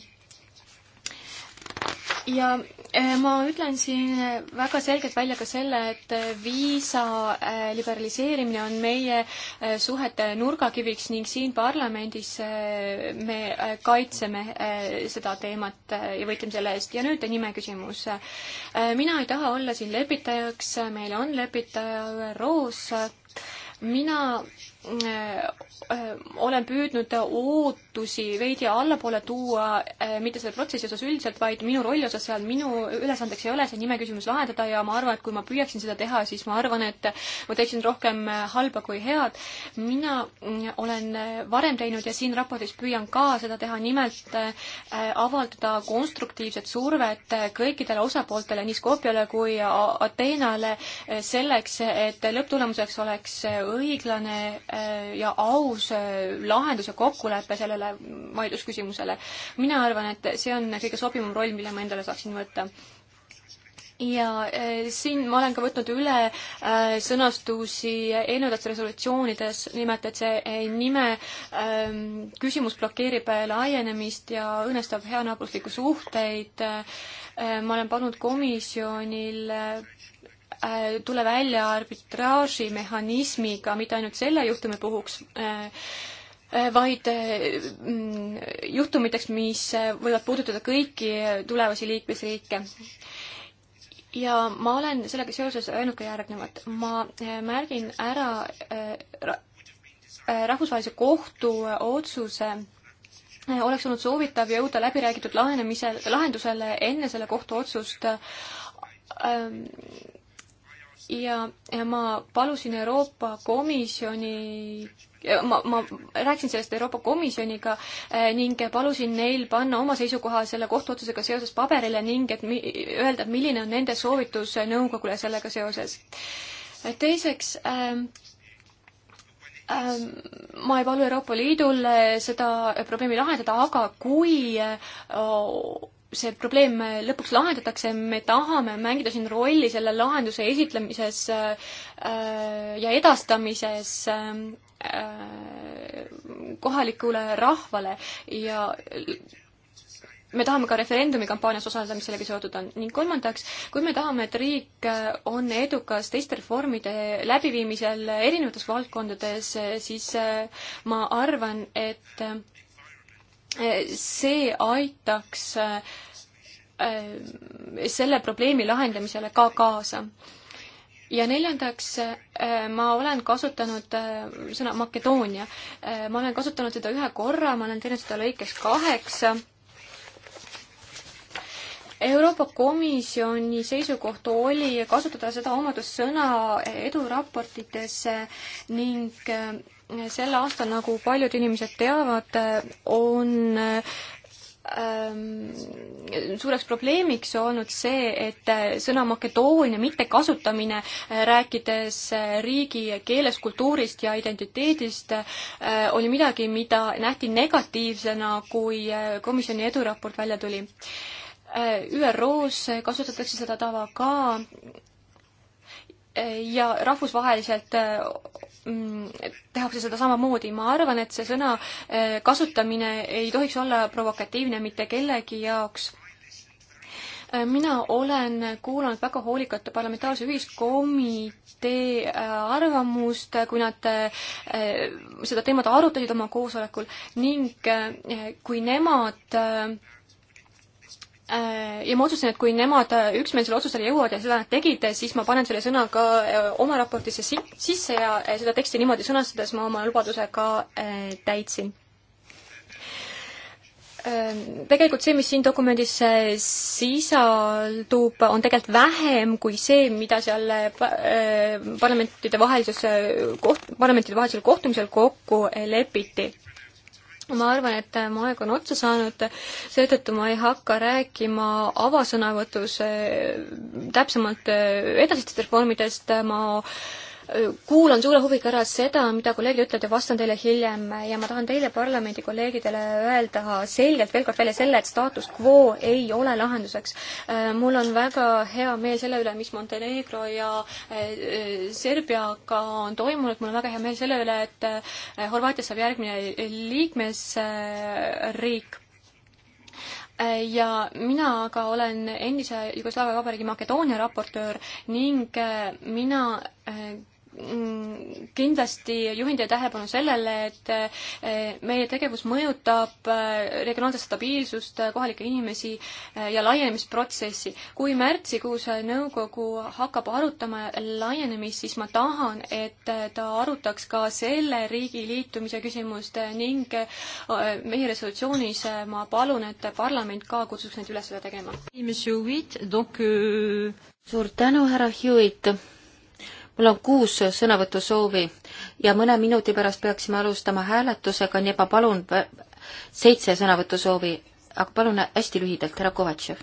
ja Äh, ma ütlen siin väga selgelt välja ka selle, et viisa äh, liberaliseerimine on meie äh, suhete nurgakiviks ning siin parlamendis me kaitseme seda teemat ja võitleme selle eest. ja nüüd nime küsimus. mina ei taha olla siin lepitajaks, meil on lepitaja ÜRO-s. mina Äh, äh, olen püüdnud ootusi veidi allapoole tuua, äh, mitte selle protsessi osas üldiselt, vaid minu rolli osas seal, minu ülesandeks ei ole see nimeküsimus lahendada ja ma arvan, et kui ma püüaksin seda teha, siis ma arvan, et ma teeksin rohkem halba kui head. mina mm, olen varem teinud ja siin raportis püüan ka seda teha, nimelt avaldada konstruktiivset survet kõikidele osapooltele, nii Skopjale kui Ateenale, selleks, et lõpptulemuseks oleks õiglane Äh, ja aus äh, lahendus ja kokkulepe sellele vaidlusküsimusele. mina arvan, et see on kõige sobivam roll, mille ma endale saaksin võtta ja äh, siin ma olen ka võtnud üle sõnastusi eelnevates resolutsioonides, nimelt et see nime ähm, küsimus blokeerib laienemist ja õõnestab heanaabruslikku suhteid. ma olen pannud komisjonil Äh, tule välja arbitraažimehhanismiga mitte ainult selle juhtumi puhuks, äh, äh, vaid mm, juhtumiteks, mis võivad puudutada kõiki tulevasi liikmesriike. ja ma olen sellega seoses öelnud ka järgnevat. ma märgin ära rahvusvahelise kohtu otsuse oleks olnud soovitav jõuda läbiräägitud lahenemisel, lahendusele enne selle kohtuotsust ähm, ja, ja ma palusin Euroopa Komisjoni ma, ma rääkisin sellest Euroopa Komisjoniga eh, ning palusin neil panna oma seisukoha selle kohtuotsusega seoses paberile ning et mi, öelda, et milline on nende soovitus nõukogule sellega seoses. teiseks ähm, ma ei palu Euroopa Liidul seda probleemi lahendada, aga kui eh, see probleem lõpuks lahendatakse, me tahame mängida siin rolli selle lahenduse esitlemises äh, ja edastamises äh, kohalikule rahvale ja me tahame ka referendumi kampaanias osaleda, mis sellega seotud on. ning kolmandaks, kui me tahame, et riik on edukas teiste reformide läbiviimisel erinevates valdkondades, siis äh, ma arvan, et see aitaks äh, selle probleemi lahendamisele ka kaasa. ja neljandaks, äh, ma olen kasutanud äh, sõna Makedoonia. ma olen kasutanud seda ühe korra, ma olen teinud seda lõikes kaheksa Euroopa Komisjoni seisukoht oli kasutada seda omadussõna eduraportites ning äh, sel aastal, nagu paljud inimesed teavad, äh, on ähm, suureks probleemiks olnud see, et äh, sõna Makedoonia mittekasutamine, rääkides riigi keelest, kultuurist ja identiteedist, oli midagi, mida nähti negatiivsena, kui komisjoni eduraport välja tuli Äh, ÜRO-s kasutatakse seda tava ka äh, ja rahvusvaheliselt äh, mm, tehakse seda samamoodi. ma arvan, et see sõna kasutamine ei tohiks olla provokatiivne mitte kellegi jaoks. mina olen kuulanud väga hoolikalt parlamentaarse ühiskomitee arvamust, kui nad seda teemat arutasid oma koosolekul ning kui nemad Äh, ja ma otsustasin, et kui nemad äh, üksmeelsele otsusele jõuavad ja seda nad tegid, siis ma panen selle sõna ka äh, oma raportisse sisse ja seda teksti niimoodi sõnastades ma oma lubaduse ka täitsin. Tegelikult see, mis siin dokumendis sisaldub, on tegelikult vähem kui see, mida seal parlamentide vahelises koht-, parlamentide vahelisel kohtumisel kokku lepiti ma arvan, et äh, mu aeg on otsa saanud, seetõttu ma ei hakka rääkima avasõnavõtus äh, täpsemalt äh, edasistest reformidest, ma kuulan suure huviga ära seda, mida kolleegid ütlevad ja vastan teile hiljem ja ma tahan teile, parlamendi kolleegidele, öelda selgelt veel kord välja selle, et staatus quo ei ole lahenduseks. Äh, mul on väga hea meel selle üle, mis Montenegro ja äh, Serbiaga on toimunud, mul on väga hea meel selle üle, et äh, Horvaatias saab järgmine liikmesriik ja mina aga olen endise Jugoslaavia Vabariigi Makedoonia raportöör ning mina Mm, kindlasti juhin teie tähelepanu sellele, et eh, meie tegevus mõjutab eh, regionaalset stabiilsust, eh, kohalikke inimesi ja laienemisprotsessi. kui märtsikuus nõukogu hakkab arutama laienemist, siis ma tahan, et ta arutaks ka selle riigi liitumise küsimust ning meie resolutsioonis ma palun, et parlament ka kutsuks neid üles seda tegema. Euh, suur tänu, härra Hewitt! mul on kuus sõnavõtusoovi ja mõne minuti pärast peaksime alustama hääletusega, nii et ma palun seitse sõnavõtusoovi, aga palun hästi lühidalt, härra Kovatšev.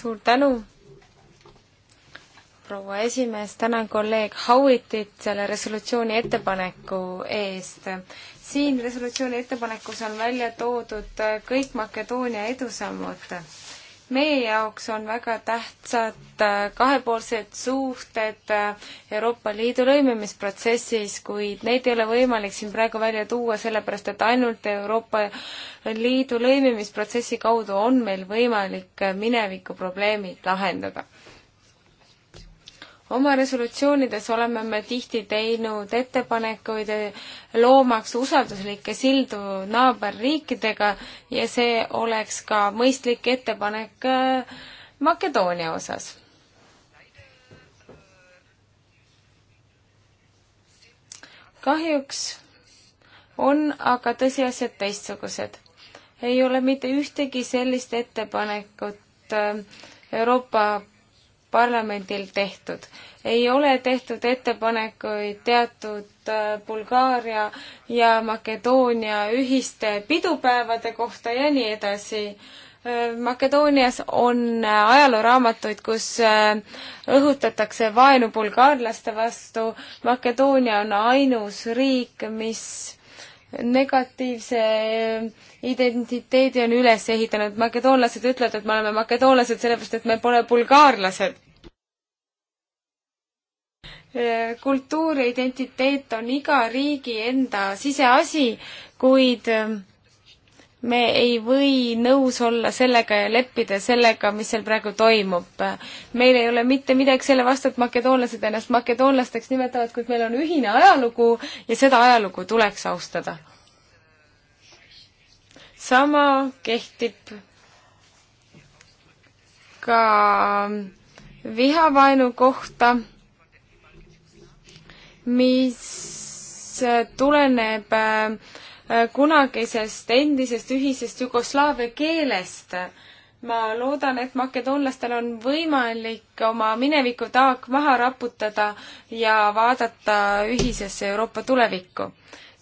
suur tänu, proua esimees, tänan kolleeg Howitit selle resolutsiooni ettepaneku eest siin resolutsiooni ettepanekus on välja toodud kõik Makedoonia edusammud meie jaoks on väga tähtsad äh, kahepoolsed suhted äh, Euroopa Liidu lõimimisprotsessis, kuid neid ei ole võimalik siin praegu välja tuua, sellepärast et ainult Euroopa Liidu lõimimisprotsessi kaudu on meil võimalik äh, mineviku probleemid lahendada oma resolutsioonides oleme me tihti teinud ettepanekuid loomaks usalduslikke sildu naaberriikidega ja see oleks ka mõistlik ettepanek äh, Makedoonia osas. kahjuks on aga tõsiasjad teistsugused. ei ole mitte ühtegi sellist ettepanekut äh, Euroopa parlamendil tehtud. ei ole tehtud ettepanekuid teatud äh, Bulgaaria ja Makedoonia ühiste pidupäevade kohta ja nii edasi äh, Makedoonias on äh, ajalooraamatuid, kus õhutatakse vaenu bulgaarlaste vastu. Makedoonia on ainus riik, mis negatiivse eh, identiteedi on üles ehitanud. makedoonlased ütlevad, et me oleme makedoonlased sellepärast, et me pole bulgaarlased. Eh, kultuur ja identiteet on iga riigi enda siseasi, kuid eh, me ei või nõus olla sellega ja leppida sellega, mis seal praegu toimub. meil ei ole mitte midagi selle vastu, et makedoonlased ennast makedoonlasteks nimetavad, kuid meil on ühine ajalugu ja seda ajalugu tuleks austada. sama kehtib ka vihavaenu kohta, mis tuleneb äh, Äh, kunagisest endisest ühisest Jugoslaavia keelest. ma loodan, et makedoonlastel on võimalik oma mineviku taak maha raputada ja vaadata ühisesse Euroopa tulevikku.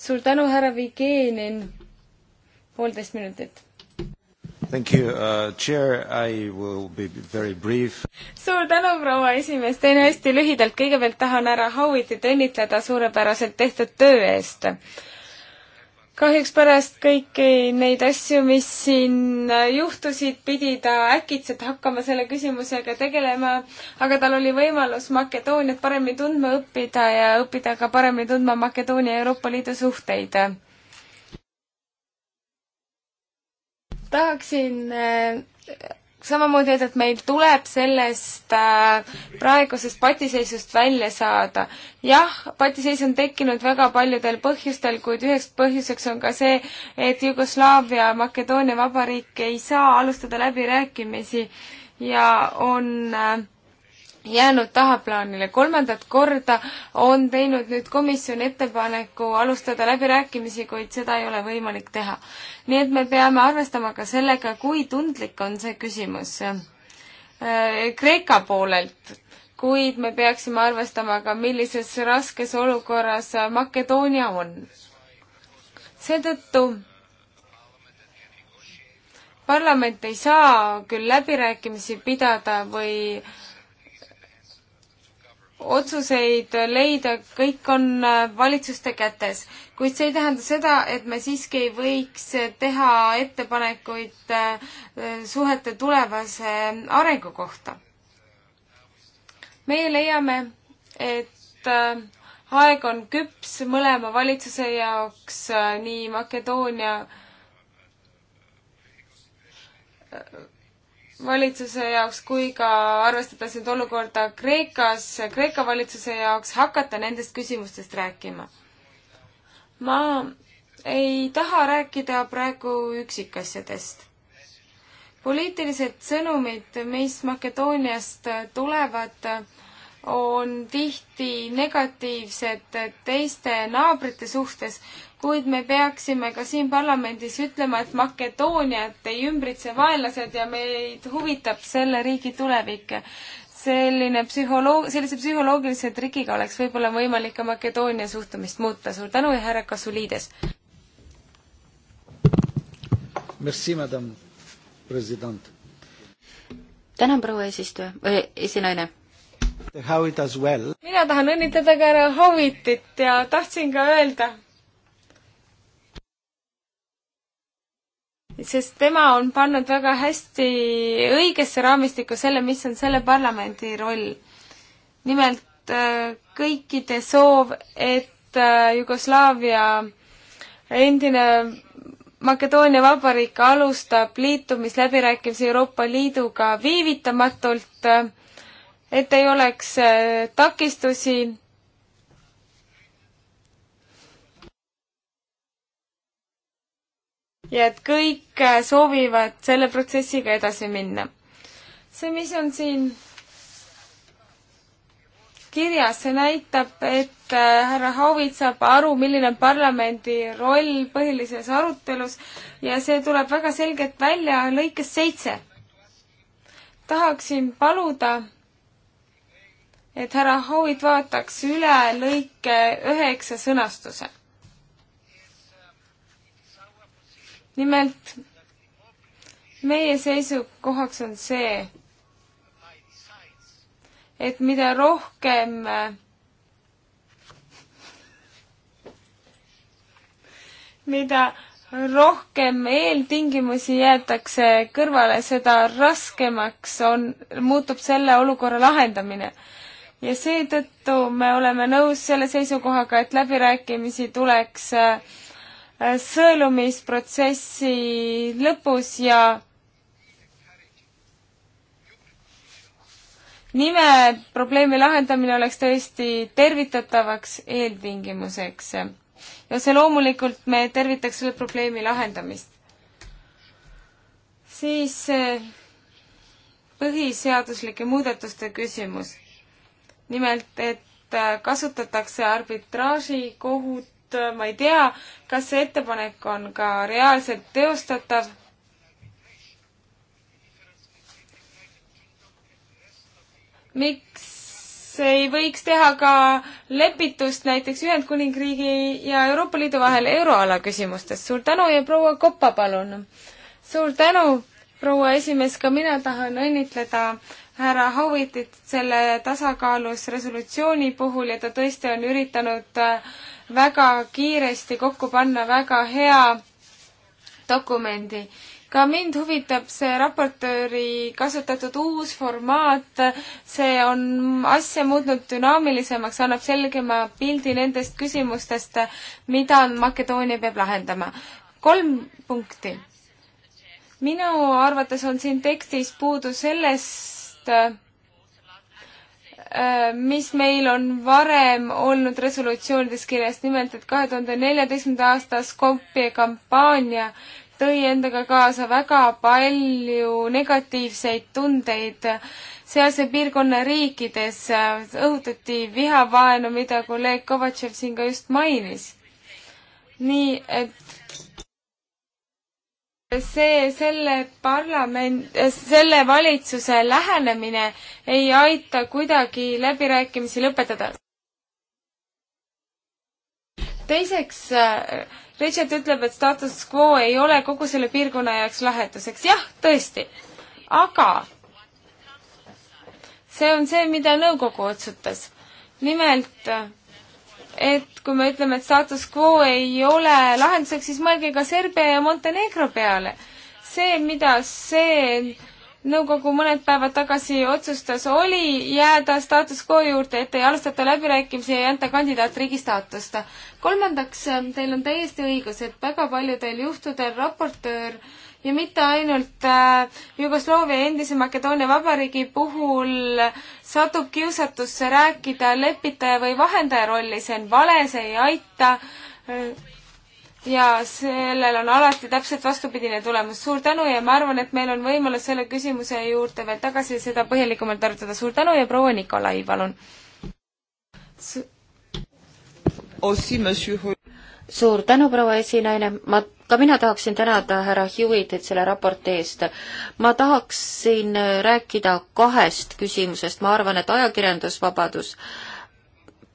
suur tänu, härra Vigenin, poolteist minutit. Thank you uh,, chair, I will be very brief. suur tänu, proua esimees, teen hästi lühidalt, kõigepealt tahan härra Howitit õnnitleda suurepäraselt tehtud töö eest kahjuks pärast kõiki neid asju, mis siin juhtusid, pidi ta äkitselt hakkama selle küsimusega tegelema, aga tal oli võimalus Makedooniat paremini tundma õppida ja õppida ka paremini tundma Makedoonia ja Euroopa Liidu suhteid. tahaksin äh, samamoodi öelda, et meil tuleb sellest äh, praegusest patiseisust välja saada. jah, patiseis on tekkinud väga paljudel põhjustel, kuid üheks põhjuseks on ka see, et Jugoslaavia Makedoonia Vabariik ei saa alustada läbirääkimisi ja on äh, jäänud tahaplaanile. kolmandat korda on teinud nüüd komisjon ettepaneku alustada läbirääkimisi, kuid seda ei ole võimalik teha. nii et me peame arvestama ka sellega, kui tundlik on see küsimus äh, Kreeka poolelt, kuid me peaksime arvestama ka, millises raskes olukorras Makedoonia on. seetõttu parlament ei saa küll läbirääkimisi pidada või äh, otsuseid leida, kõik on äh, valitsuste kätes. kuid see ei tähenda seda, et me siiski ei võiks teha ettepanekuid äh, äh, suhete tulevase arengu kohta. meie leiame, et aeg on küps mõlema valitsuse jaoks, nii Makedoonia valitsuse jaoks kui ka arvestades nüüd olukorda Kreekas, Kreeka valitsuse jaoks hakata nendest küsimustest rääkima. ma ei taha rääkida praegu üksikasjadest. poliitilised sõnumid, mis Makedooniast tulevad, on tihti negatiivsed teiste naabrite suhtes, kuid me peaksime ka siin parlamendis ütlema, et Makedooniat ei ümbritse vaenlased ja meid huvitab selle riigi tulevik. selline psühholoog-, sellise psühholoogilise trikiga oleks võib-olla võimalik ka Makedoonia suhtumist muuta. suur tänu ja härra Kasuliides! Merci, madame president! tänan, proua eesistuja, esinaine Howitt as well. mina tahan õnnitleda ka härra Howittit ja tahtsin ka öelda, sest tema on pannud väga hästi õigesse raamistikku selle, mis on selle parlamendi roll. nimelt äh, kõikide soov, et äh, Jugoslaavia endine Makedoonia Vabariik alustab liitumisläbirääkimisi Euroopa Liiduga viivitamatult äh, et ei oleks äh, takistusi ja et kõik äh, soovivad selle protsessiga edasi minna. see, mis on siin kirjas, see näitab, et äh, härra Haavits saab aru, milline on parlamendi roll põhilises arutelus ja see tuleb väga selgelt välja lõikes seitse. tahaksin paluda et härra Howitt vaataks üle lõike üheksa sõnastuse. nimelt meie seisukohaks on see, et mida rohkem mida rohkem eeltingimusi jäetakse kõrvale, seda raskemaks on, muutub selle olukorra lahendamine ja seetõttu me oleme nõus selle seisukohaga, et läbirääkimisi tuleks äh, äh, sõelumisprotsessi lõpus ja nime probleemi lahendamine oleks tõesti tervitatavaks eeltingimuseks. ja see loomulikult, me tervitaks selle probleemi lahendamist. siis äh, põhiseaduslike muudatuste küsimus nimelt, et äh, kasutatakse arbitraažikohut, ma ei tea, kas see ettepanek on ka reaalselt teostatav miks ei võiks teha ka lepitust näiteks Ühendkuningriigi ja Euroopa Liidu vahel euroala küsimustes. suur tänu ja proua Koppa, palun! suur tänu, proua esimees, ka mina tahan õnnitleda härra Howitit selle tasakaalus resolutsiooni puhul ja ta tõesti on üritanud äh, väga kiiresti kokku panna väga hea dokumendi. ka mind huvitab see raportööri kasutatud uus formaat, see on asja muutnud dünaamilisemaks, annab selgema pildi nendest küsimustest, mida Makedoonia peab lahendama. kolm punkti minu arvates on siin tekstis puudu sellest raport, äh, mis meil on varem olnud resolutsioonides kirjas, nimelt et kahe tuhande neljateistkümnenda aasta Skopje kampaania tõi endaga kaasa väga palju negatiivseid tundeid sealse piirkonna riikides, äh, õhutati vihavaenu, mida kolleeg Kovatšev siin ka just mainis. nii et see, selle parlament, selle valitsuse lähenemine ei aita kuidagi läbirääkimisi lõpetada. teiseks, äh, Richard ütleb, et status quo ei ole kogu selle piirkonna jaoks lahenduseks. jah, tõesti, aga see on see, mida nõukogu otsutas. nimelt äh, et kui me ütleme, et status quo ei ole lahenduseks, siis mõelge ka Serbia ja Montenegro peale. see, mida see nõukogu mõned päevad tagasi otsustas, oli jääda status quo juurde, et ei alustata läbirääkimisi ja ei anta kandidaatriigi staatust. kolmandaks, teil on täiesti õigus, et väga paljudel juhtudel raportöör äh, ja mitte ainult äh, Jugoslaavia endise Makedoonia vabariigi puhul satub kiusatusse rääkida lepitaja või vahendaja rolli, see on vale, see ei aita äh, ja sellel on alati täpselt vastupidine tulemus. suur tänu ja ma arvan, et meil on võimalus selle küsimuse juurde veel tagasi seda põhjalikumalt arutada. suur tänu ja proua Nikolai, palun suur tänu, proua esinaine, ma, ka mina tahaksin tänada härra Hewitit selle raporti eest. ma tahaksin rääkida kahest küsimusest, ma arvan, et ajakirjandusvabadus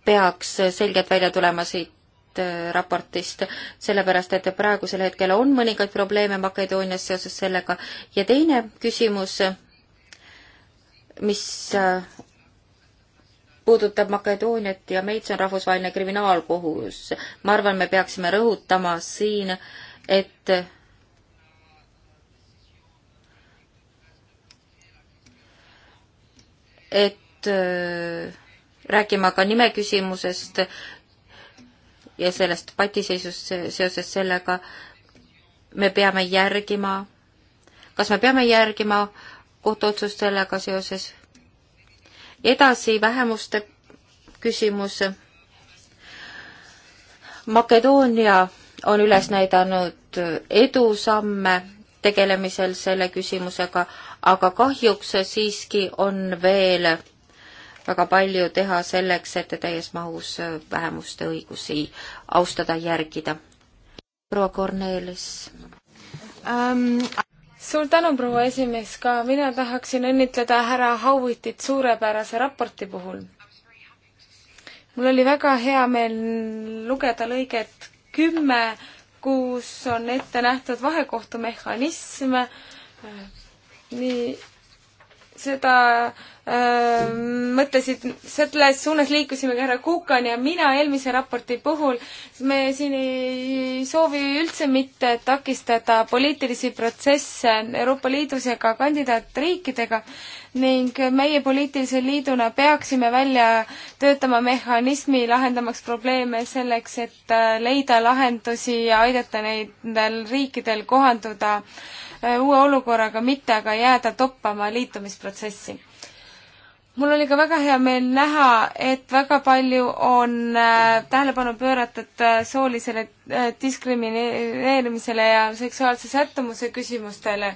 peaks selgelt välja tulema siit äh, raportist, sellepärast et praegusel hetkel on mõningaid probleeme Makedoonias seoses sellega ja teine küsimus, mis äh, puudutab Makedooniat ja meid, see on rahvusvaheline kriminaalkohus. ma arvan, me peaksime rõhutama siin, et et äh, rääkima ka nimeküsimusest ja sellest patiseisust seoses sellega, me peame järgima, kas me peame järgima kohtuotsust sellega seoses edasi vähemuste küsimus. Makedoonia on üles näidanud edusamme tegelemisel selle küsimusega, aga kahjuks siiski on veel väga palju teha selleks, et täies mahus vähemuste õigusi austada, järgida. proua Kornelis um, suur tänu, proua esimees, ka mina tahaksin õnnitleda härra Howitit suurepärase raporti puhul. mul oli väga hea meel lugeda lõiget kümme, kus on ette nähtud vahekohtumehhanism, nii seda äh, mõtlesid, selles suunas liikusime ka härra Kukan ja mina eelmise raporti puhul, me siin ei soovi üldse mitte takistada poliitilisi protsesse Euroopa Liidus ja ka kandidaatriikidega ning meie poliitilise liiduna peaksime välja töötama mehhanismi lahendamaks probleeme selleks, et äh, leida lahendusi ja aidata neil riikidel kohanduda äh, Äh, uue olukorraga, mitte aga jääda toppama liitumisprotsessi. mul oli ka väga hea meel näha, et väga palju on äh, tähelepanu pööratud äh, soolisele diskrimineerimisele ja seksuaalse sättumuse küsimustele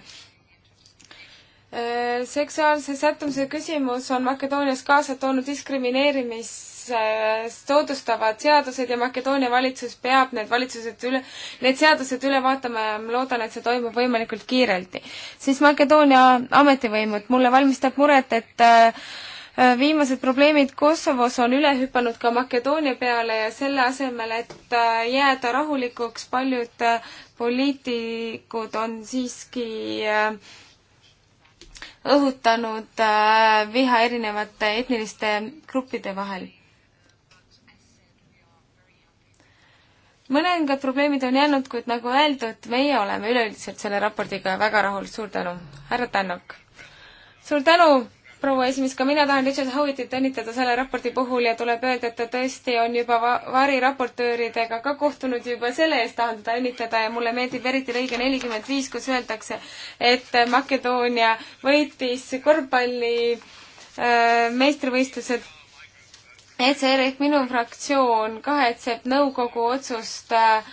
seksuaalse sättumuse küsimus on Makedoonias kaasa toonud diskrimineerimist Äh, soodustavad seadused ja Makedoonia valitsus peab need valitsused üle, need seadused üle vaatama ja ma loodan, et see toimub võimalikult kiirelt. siis Makedoonia ametivõimud, mulle valmistab muret, et äh, äh, viimased probleemid Kosovos on üle hüpanud ka Makedoonia peale ja selle asemel, et äh, jääda rahulikuks, paljud poliitikud on siiski õhutanud viha erinevate etniliste gruppide vahel. mõningad probleemid on jäänud, kuid nagu öeldud, meie oleme üleüldiselt selle raportiga väga rahul, suur tänu, härra Tänak. suur tänu, proua esimees, ka mina tahan Richard Howittit õnnitleda selle raporti puhul ja tuleb öelda, et ta tõesti on juba va-, variraportööridega ka kohtunud juba selle eest tahan teda õnnitleda ja mulle meeldib eriti lõige nelikümmend viis, kus öeldakse, et Makedoonia võitis korvpalli äh, meistrivõistlused ECR ehk minu fraktsioon kahetseb nõukogu otsust äh,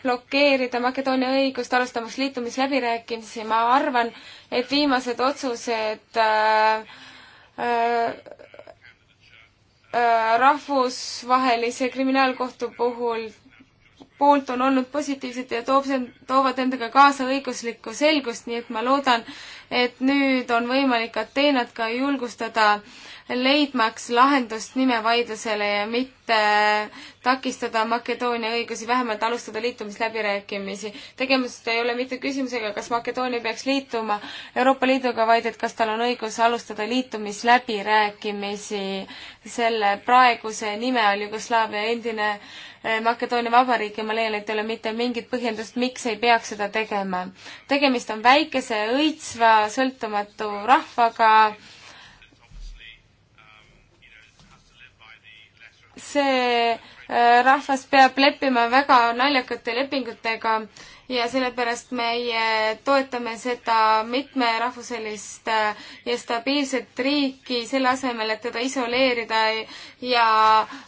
blokeerida Makedoonia õigust alustamaks liitumisläbirääkimisi, ma arvan, et viimased otsused äh, äh, äh, rahvusvahelise kriminaalkohtu puhul poolt on olnud positiivsed ja toob, toovad endaga kaasa õiguslikku selgust, nii et ma loodan, et nüüd on võimalik Ateenat ka julgustada äh, leidmaks lahendust nimevaidlusele ja mitte takistada Makedoonia õigusi, vähemalt alustada liitumisläbirääkimisi. tegemist ei ole mitte küsimusega, kas Makedoonia peaks liituma Euroopa Liiduga, vaid et kas tal on õigus alustada liitumisläbirääkimisi selle praeguse nime all Jugoslaavia endine eh, Makedoonia Vabariik ja ma leian, et ei ole mitte mingit põhjendust, miks ei peaks seda tegema. tegemist on väikese õitsva sõltumatu rahvaga, see äh, rahvas peab leppima väga naljakate lepingutega ja sellepärast meie toetame seda mitmerahvuselist äh, ja stabiilset riiki, selle asemel, et teda isoleerida ja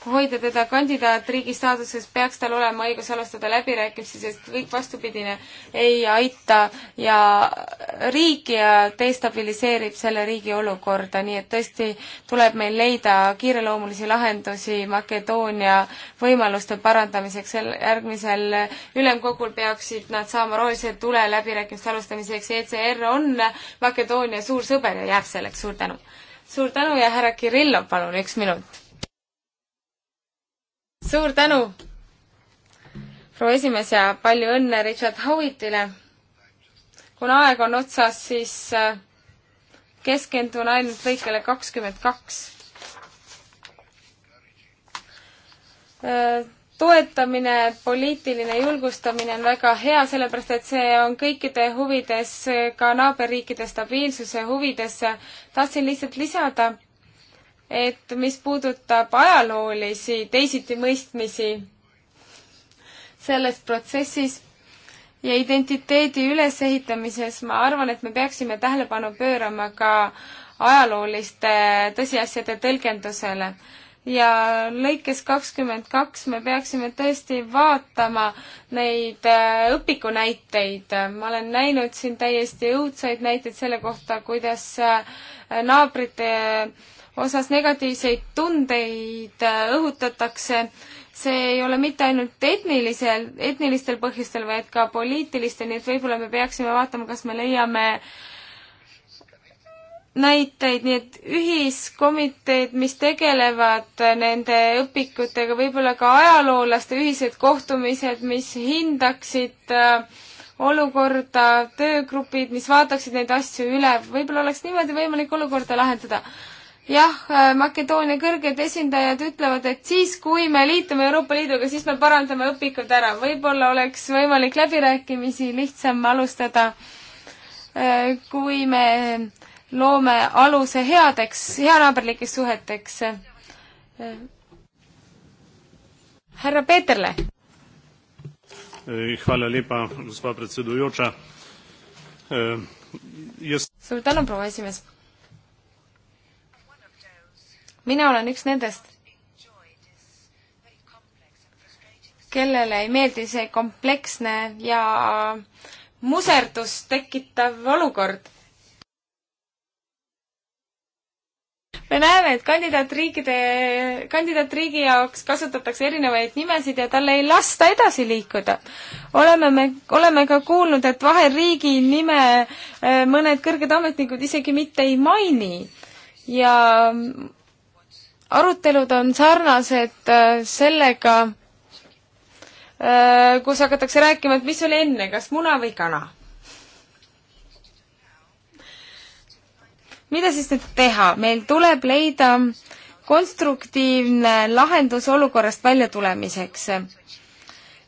hoida teda kandidaatriigi staatuses, peaks tal olema õigus alustada läbirääkimisi, sest kõik vastupidine ei aita ja riiki ja destabiliseerib selle riigi olukorda, nii et tõesti tuleb meil leida kiireloomulisi lahendusi Makedoonia võimaluste parandamiseks, järgmisel ülemkogul peaksid nad saama rohelise tule läbirääkimiste alustamiseks. ECR on Makedoonia suur sõber ja jääb selleks. suur tänu. suur tänu ja härra Kirillov, palun, üks minut. suur tänu, proua esimees ja palju õnne Richard Howittile. kuna aeg on otsas, siis äh, keskendun ainult lõikele kakskümmend kaks äh, toetamine, poliitiline julgustamine on väga hea, sellepärast et see on kõikide huvides, ka naaberriikide stabiilsuse huvides. tahtsin lihtsalt lisada, et mis puudutab ajaloolisi teisitimõistmisi selles protsessis ja identiteedi ülesehitamises, ma arvan, et me peaksime tähelepanu pöörama ka ajalooliste tõsiasjade tõlgendusele ja lõikes kakskümmend kaks me peaksime tõesti vaatama neid äh, õpikunäiteid. ma olen näinud siin täiesti õudsaid näiteid selle kohta, kuidas äh, naabrite osas negatiivseid tundeid äh, õhutatakse. see ei ole mitte ainult etnilisel, etnilistel põhjustel, vaid ka poliitilistel, nii et võib-olla me peaksime vaatama, kas me leiame äh, näiteid, nii et ühiskomiteed, mis tegelevad nende õpikutega, võib-olla ka ajaloolaste ühised kohtumised, mis hindaksid äh, olukorda, töögrupid, mis vaataksid neid asju üle, võib-olla oleks niimoodi võimalik olukorda lahendada. jah, äh, Makedoonia kõrged esindajad ütlevad, et siis, kui me liitume Euroopa Liiduga, siis me parandame õpikud ära, võib-olla oleks võimalik läbirääkimisi lihtsam alustada, äh, kui me loome aluse headeks, heanaaberlikeks suheteks. härra Peeterle. Eh, eh, suur tänu, proua esimees. mina olen üks nendest, kellele ei meeldi see kompleksne ja muserdust tekitav olukord me näeme, et kandidaatriikide, kandidaatriigi jaoks kasutatakse erinevaid nimesid ja talle ei lasta edasi liikuda. oleme me, oleme ka kuulnud, et vahel riigi nime äh, mõned kõrged ametnikud isegi mitte ei maini ja arutelud on sarnased äh, sellega, äh, kus hakatakse rääkima, et mis oli enne, kas muna või kana mida siis nüüd teha? meil tuleb leida konstruktiivne lahendus olukorrast väljatulemiseks.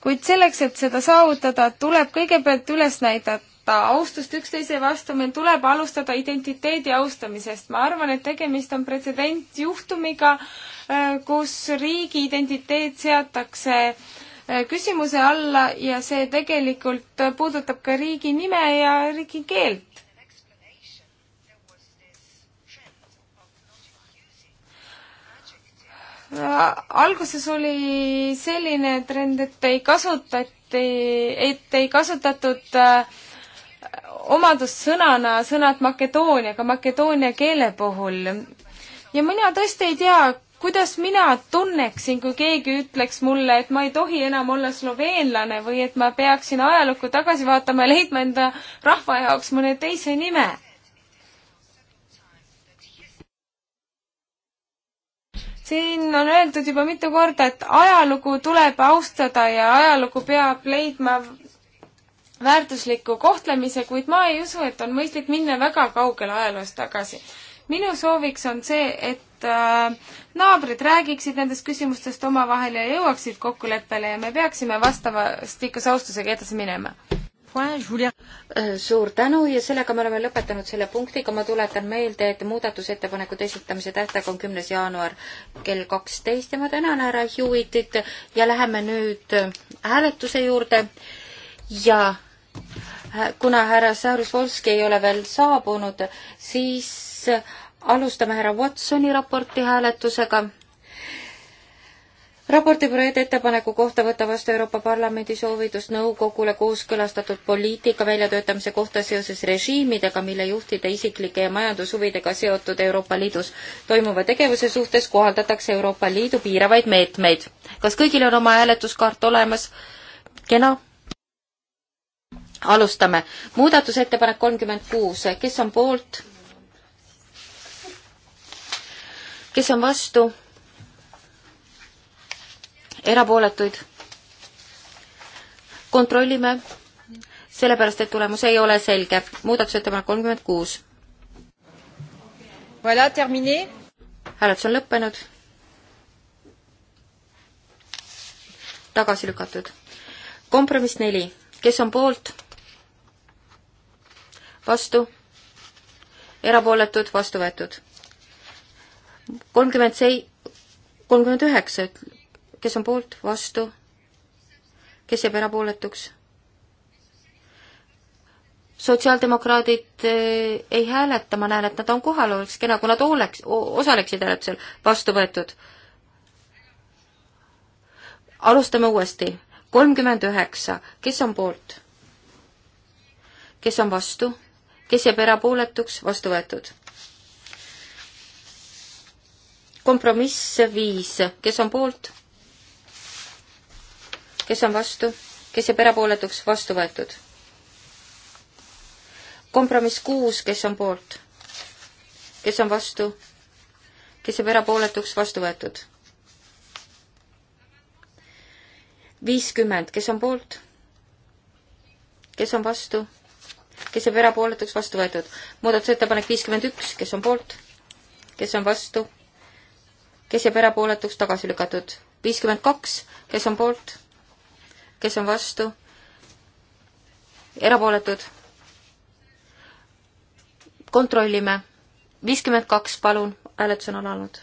kuid selleks, et seda saavutada, tuleb kõigepealt üles näidata austust üksteise vastu, meil tuleb alustada identiteedi austamisest. ma arvan, et tegemist on pretsedentjuhtumiga, äh, kus riigi identiteet seatakse äh, küsimuse alla ja see tegelikult puudutab ka riigi nime ja riigi keelt alguses oli selline trend, et ei kasutati, et ei kasutatud äh, omadust sõnana sõnad Makedoonia, ka makedoonia keele puhul. ja mina tõesti ei tea, kuidas mina tunneksin, kui keegi ütleks mulle, et ma ei tohi enam olla sloveenlane või et ma peaksin ajalukku tagasi vaatama ja leidma enda rahva jaoks mõne teise nime. siin on öeldud juba mitu korda, et ajalugu tuleb austada ja ajalugu peab leidma väärtusliku kohtlemise, kuid ma ei usu, et on mõistlik minna väga kaugele ajaloos tagasi. minu sooviks on see, et äh, naabrid räägiksid nendest küsimustest omavahel ja jõuaksid kokkuleppele ja me peaksime vastavasti ikka austusega edasi minema. Äh, suur tänu ja sellega me oleme lõpetanud selle punktiga. ma tuletan meelde, et muudatusettepanekute esitamise tähtaeg on kümnes jaanuar kell kaksteist ja ma tänan härra Hewitit ja läheme nüüd äh, hääletuse juurde. ja äh, kuna härra Saarus-Volski ei ole veel saabunud, siis alustame härra Watsoni raporti hääletusega raporti projektettepaneku kohta võtta vastu Euroopa Parlamendi soovitus nõukogule kooskõlastatud poliitika väljatöötamise kohta seoses režiimidega, mille juhtide isiklike ja majandushuvidega seotud Euroopa Liidus toimuva tegevuse suhtes kohaldatakse Euroopa Liidu piiravaid meetmeid. kas kõigil on oma hääletuskaart olemas? kena? alustame. muudatusettepanek kolmkümmend kuus, kes on poolt? kes on vastu? erapooletuid. kontrollime, sellepärast et tulemus ei ole selge. muudatusettepanek kolmkümmend kuus. Voilà, terminé. hääletus on lõppenud. tagasi lükatud. kompromiss neli, kes on poolt? vastu? erapooletud, vastu võetud. kolmkümmend sei-, kolmkümmend üheksa kes on poolt, vastu, kes jääb erapooletuks? sotsiaaldemokraadid eh, ei hääleta, ma näen, et nad on kohal, oleks kena, kui nad oleks, osaleksid hääletusel, vastu võetud. alustame uuesti. kolmkümmend üheksa, kes on poolt? kes on vastu? kes jääb erapooletuks, vastu võetud. kompromiss viis, kes on poolt? kes on vastu, kes jääb erapooletuks, vastu võetud. kompromiss kuus, kes on poolt, kes on vastu, kes jääb erapooletuks, vastu võetud. viiskümmend, kes on poolt, kes on vastu, kes jääb erapooletuks, vastu võetud. muudatusettepanek viiskümmend üks, kes on poolt, kes on vastu, kes jääb erapooletuks, tagasi lükatud. viiskümmend kaks, kes on poolt, kes on vastu, erapooletud. kontrollime, viiskümmend kaks, palun, hääletus on alanud.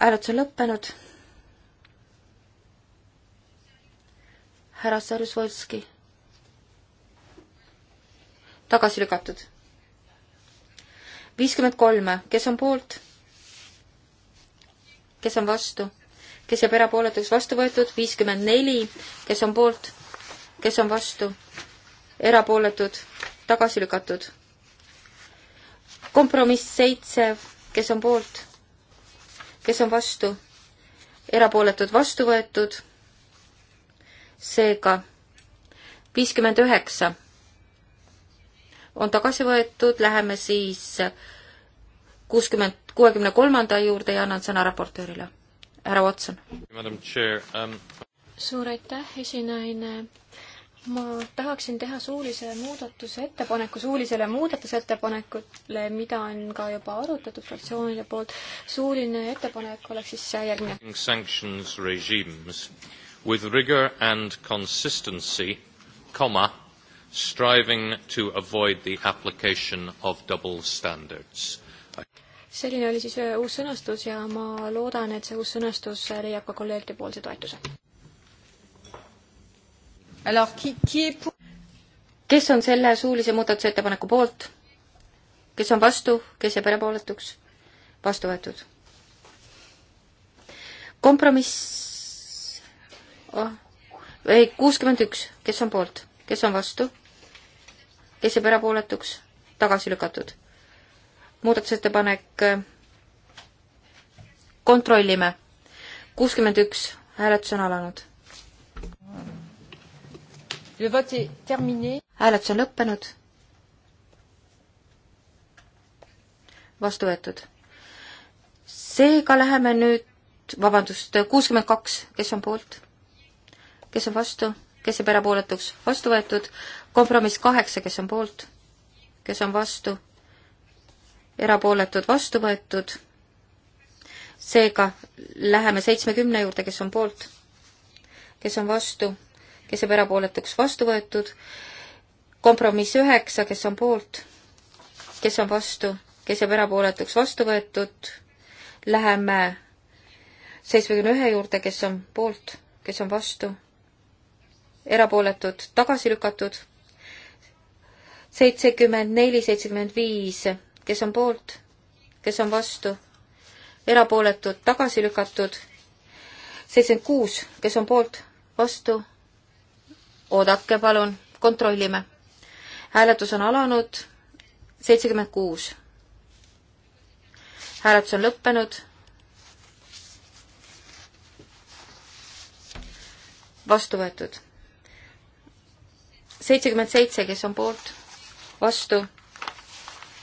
hääletus on lõppenud. härra Sarjusvolski. tagasi lükatud. viiskümmend kolme, kes on poolt? kes on vastu? kes jääb erapooletuks, vastu võetud, viiskümmend neli, kes on poolt, kes on vastu, erapooletud, tagasi lükatud. kompromiss seitse, kes on poolt, kes on vastu, erapooletud, vastu võetud, seega viiskümmend üheksa on tagasi võetud, läheme siis kuuskümmend, kuuekümne kolmanda juurde ja annan sõna raportöörile härra Watson. Um, suur aitäh, esinaine. ma tahaksin teha suulise muudatuse ettepaneku suulisele muudatusettepanekule, mida on ka juba arutatud fraktsioonide poolt. suuline ettepanek oleks siis järgmine. Sanctions regimes with rigor and consistency, comma, striving to avoid the application of double standards selline oli siis äh, uus sõnastus ja ma loodan, et see uus sõnastus äh, leiab ka kolleegide poolse toetuse. kes on selle suulise muudatusettepaneku poolt? kes on vastu, kes jääb erapooletuks? vastu võetud. kompromiss oh. ei, kuuskümmend üks, kes on poolt, kes on vastu, kes jääb erapooletuks, tagasi lükatud muudatusettepanek, kontrollime. kuuskümmend üks, hääletus on alanud. hääletus on lõppenud. vastu võetud. seega läheme nüüd, vabandust, kuuskümmend kaks, kes on poolt? kes on vastu? kes jääb erapooletuks? vastu võetud. kompromiss kaheksa, kes on poolt? kes on vastu? erapooletud, vastu võetud. seega läheme seitsmekümne juurde, kes on poolt, kes on vastu, kes jääb erapooletuks, vastu võetud. kompromiss üheksa, kes on poolt, kes on vastu, kes jääb erapooletuks, vastu võetud. Läheme seitsmekümne ühe juurde, kes on poolt, kes on vastu, erapooletud, tagasi lükatud. seitsekümmend neli, seitsekümmend viis kes on poolt, kes on vastu, erapooletud, tagasi lükatud, seitsekümmend kuus, kes on poolt, vastu, oodake palun, kontrollime. hääletus on alanud, seitsekümmend kuus. hääletus on lõppenud. vastu võetud. seitsekümmend seitse, kes on poolt, vastu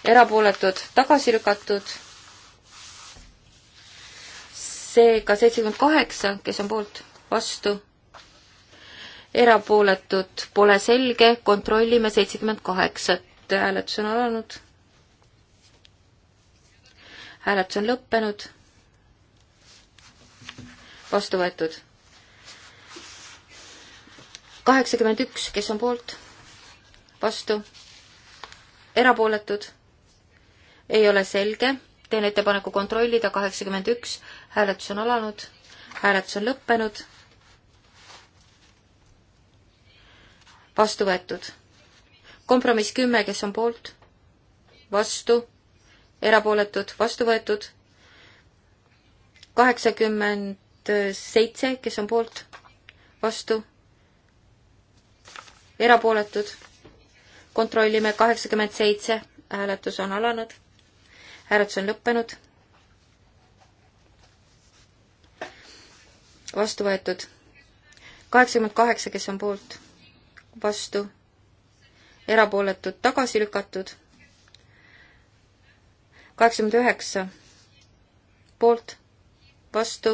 erapooletud, tagasi lükatud. seega seitsekümmend kaheksa, kes on poolt, vastu, erapooletud, pole selge, kontrollime seitsekümmend kaheksat, hääletus on alanud. hääletus on lõppenud. vastu võetud. kaheksakümmend üks, kes on poolt, vastu erapooletud ei ole selge, teen ettepaneku kontrollida, kaheksakümmend üks, hääletus on alanud, hääletus on lõppenud, vastu võetud. kompromiss kümme, kes on poolt, vastu, erapooletud, vastu võetud, kaheksakümmend seitse, kes on poolt, vastu, erapooletud, kontrollime kaheksakümmend seitse, hääletus on alanud hääletus on lõppenud. vastu võetud. kaheksakümmend kaheksa, kes on poolt, vastu, erapooletud, tagasi lükatud. kaheksakümmend üheksa, poolt, vastu,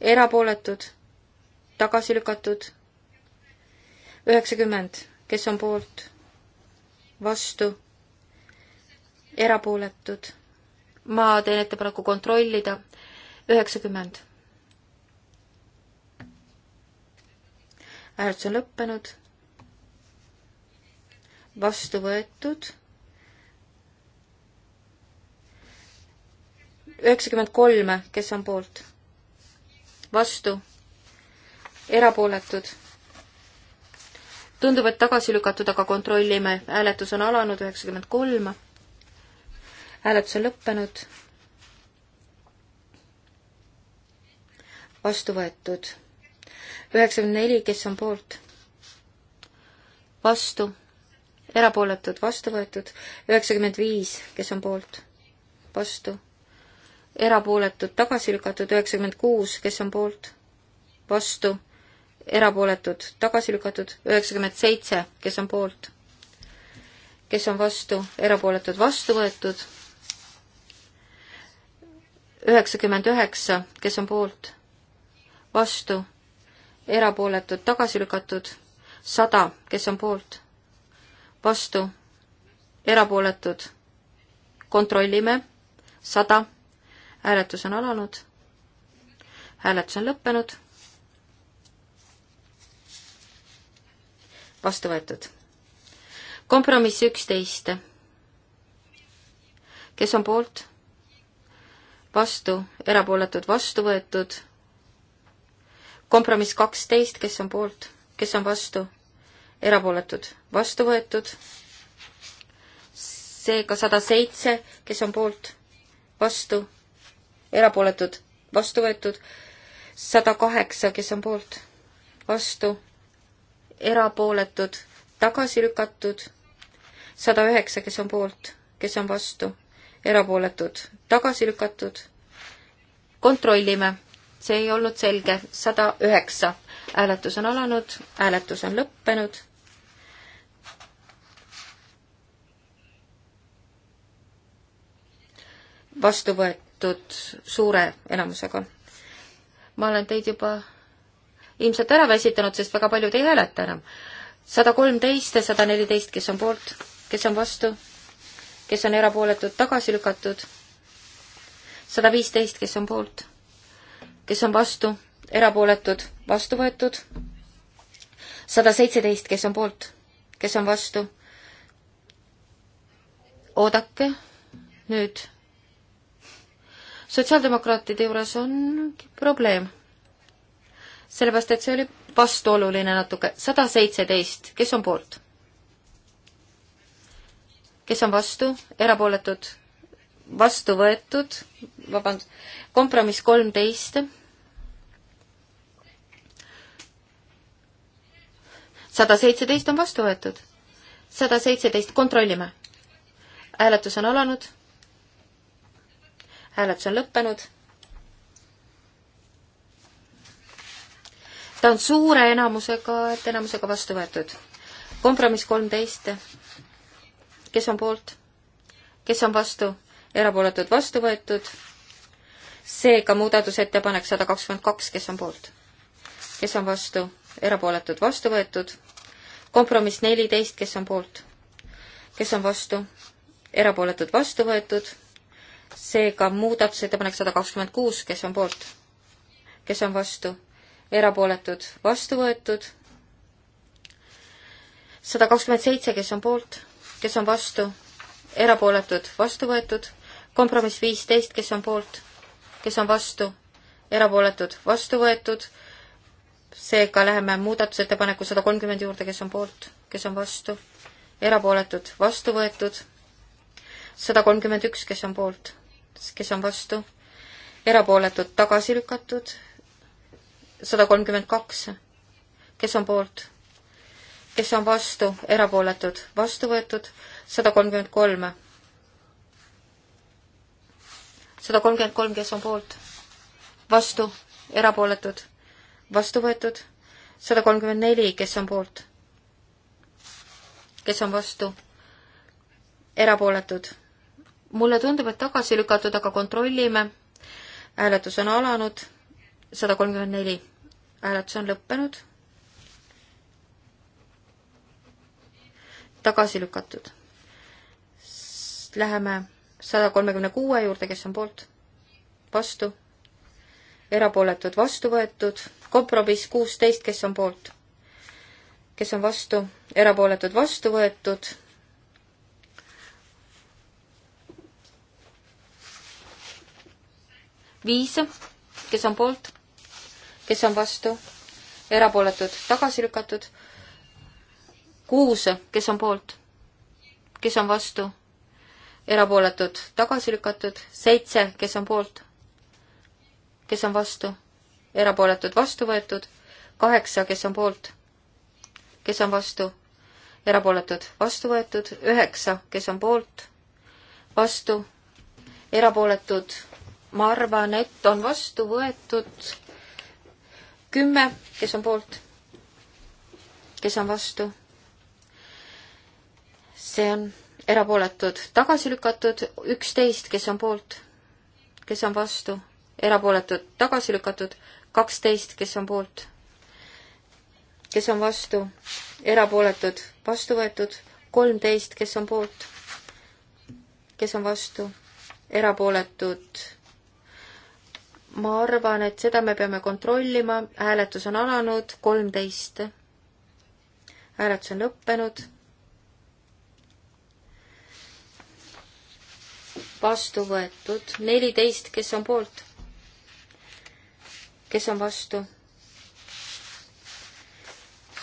erapooletud, tagasi lükatud. üheksakümmend, kes on poolt, vastu erapooletud. ma teen ettepaneku kontrollida. üheksakümmend. hääletus on lõppenud. vastu võetud. üheksakümmend kolm, kes on poolt? vastu. erapooletud tundub, et tagasi lükatud, aga kontrollime. hääletus on alanud, üheksakümmend kolm hääletus on lõppenud. vastu võetud. üheksakümmend neli, kes on poolt? vastu, erapooletud, vastu võetud. üheksakümmend viis, kes on poolt? vastu erapooletud tagasi lükatud üheksakümmend kuus, kes on poolt? vastu, erapooletud tagasi lükatud üheksakümmend seitse, kes on poolt? kes on vastu, erapooletud vastu võetud üheksakümmend üheksa, kes on poolt, vastu, erapooletud, tagasi lükatud, sada, kes on poolt, vastu, erapooletud, kontrollime, sada, hääletus on alanud, hääletus on lõppenud, vastu võetud. kompromiss üksteist, kes on poolt vastu, erapooletud, vastu võetud. kompromiss kaksteist, kes on poolt, kes on vastu, erapooletud, vastu võetud. seega sada seitse, kes on poolt, vastu, erapooletud, vastu võetud. sada kaheksa, kes on poolt, vastu, erapooletud, tagasi lükatud. sada üheksa, kes on poolt, kes on vastu erapooletud, tagasi lükatud. kontrollime, see ei olnud selge, sada üheksa. hääletus on alanud, hääletus on lõppenud. vastu võetud suure enamusega. ma olen teid juba ilmselt ära väsitanud, sest väga paljud ei hääleta enam. sada kolmteist ja sada neliteist, kes on poolt, kes on vastu kes on erapooletud, tagasi lükatud. sada viisteist, kes on poolt, kes on vastu, erapooletud, vastu võetud. sada seitseteist, kes on poolt, kes on vastu. oodake nüüd. sotsiaaldemokraatide juures on probleem. sellepärast, et see oli vastuoluline natuke. sada seitseteist, kes on poolt? kes on vastu, erapooletud, vastu võetud, vabandust, kompromiss kolmteist, sada seitseteist on vastu võetud, sada seitseteist, kontrollime. hääletus on alanud, hääletus on lõppenud ta on suure enamusega, enamusega vastu võetud. kompromiss kolmteist, kes on poolt, kes on vastu, erapooletud vastu võetud, seega muudatusettepanek sada kakskümmend kaks, kes on poolt, kes on vastu, erapooletud vastu võetud, kompromiss neliteist, kes on poolt, kes on vastu, erapooletud vastu võetud, seega muudatusettepanek sada kakskümmend kuus, kes on poolt, kes on vastu, erapooletud vastu võetud, sada kakskümmend seitse, kes on poolt kes on vastu, erapooletud, vastu võetud, kompromiss viisteist, kes on poolt, kes on vastu, erapooletud, vastu võetud, seega läheme muudatusettepaneku sada kolmkümmend juurde, kes on poolt, kes on vastu, erapooletud, vastu võetud, sada kolmkümmend üks, kes on poolt, kes on vastu, erapooletud, tagasi lükatud, sada kolmkümmend kaks, kes on poolt kes on vastu, erapooletud, vastu võetud, sada kolmkümmend kolm. sada kolmkümmend kolm, kes on poolt, vastu, erapooletud, vastu võetud, sada kolmkümmend neli, kes on poolt, kes on vastu, erapooletud. mulle tundub, et tagasi lükatud, aga kontrollime. hääletus on alanud, sada kolmkümmend neli. hääletus on lõppenud tagasi lükatud. Läheme saja kolmekümne kuue juurde, kes on poolt, vastu, erapooletud, vastu võetud, kompromiss kuusteist, kes on poolt, kes on vastu, erapooletud, vastu võetud viis, kes on poolt, kes on vastu, erapooletud tagasi lükatud, kuus, kes on poolt? kes on vastu? erapooletud, tagasi lükatud, seitse, kes on poolt? kes on vastu? erapooletud, vastu võetud, kaheksa, kes on poolt? kes on vastu? erapooletud, vastu võetud, üheksa, kes on poolt? vastu, erapooletud, ma arvan, et on vastu võetud kümme, kes on poolt? kes on vastu? see on erapooletud tagasi lükatud, üksteist, kes on poolt, kes on vastu, erapooletud tagasi lükatud, kaksteist, kes on poolt, kes on vastu, erapooletud vastu võetud, kolmteist, kes on poolt, kes on vastu, erapooletud. ma arvan, et seda me peame kontrollima, hääletus on alanud, kolmteist. hääletus on lõppenud vastu võetud, neliteist, kes on poolt? kes on vastu?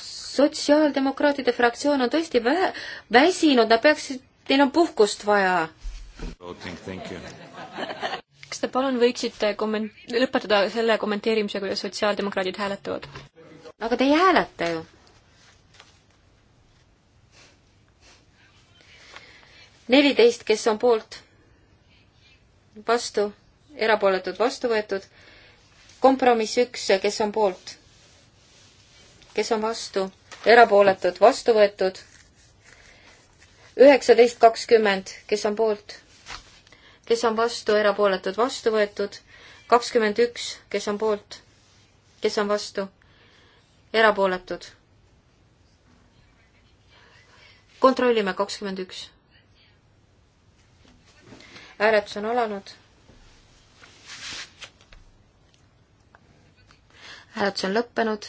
sotsiaaldemokraatide fraktsioon on tõesti vä-, väsinud, nad peaksid, neil on puhkust vaja. kas te palun võiksite komment-, lõpetada selle kommenteerimise, kuidas sotsiaaldemokraadid hääletavad? aga te ei hääleta ju. neliteist, kes on poolt? vastu, erapooletud, vastu võetud. kompromiss üks, kes on poolt? kes on vastu? erapooletud, vastu võetud. üheksateist kakskümmend, kes on poolt? kes on vastu, erapooletud, vastu võetud. kakskümmend üks, kes on poolt? kes on vastu? erapooletud. kontrollime kakskümmend üks hääletus on alanud. hääletus on lõppenud.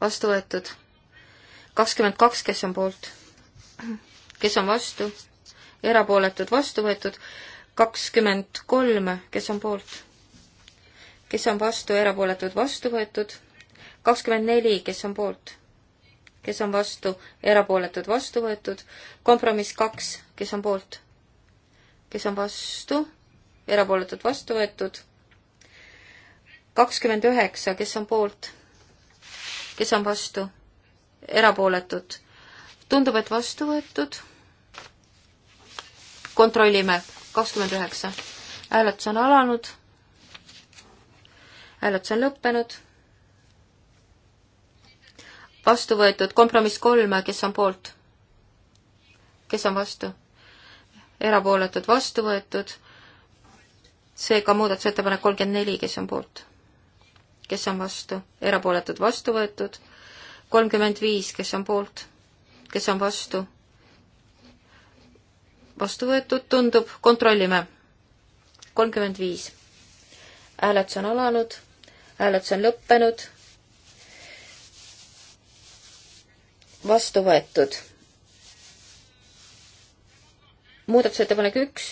vastu võetud kakskümmend kaks, kes on poolt, kes on vastu, erapooletud vastu võetud, kakskümmend kolm, kes on poolt, kes on vastu, erapooletud vastu võetud, kakskümmend neli, kes on poolt kes on vastu, erapooletud vastu võetud, kompromiss kaks, kes on poolt, kes on vastu, erapooletud vastu võetud, kakskümmend üheksa, kes on poolt, kes on vastu, erapooletud, tundub, et vastu võetud, kontrollime, kakskümmend üheksa, hääletus on alanud, hääletus on lõppenud vastu võetud, kompromiss kolm, kes on poolt? kes on vastu? erapooletud, vastu võetud, seega muudatusettepanek kolmkümmend neli, kes on poolt? kes on vastu? erapooletud, vastu võetud, kolmkümmend viis, kes on poolt? kes on vastu? vastu võetud, tundub, kontrollime. kolmkümmend viis. hääletus on alanud, hääletus on lõppenud vastu võetud. muudatusettepanek üks,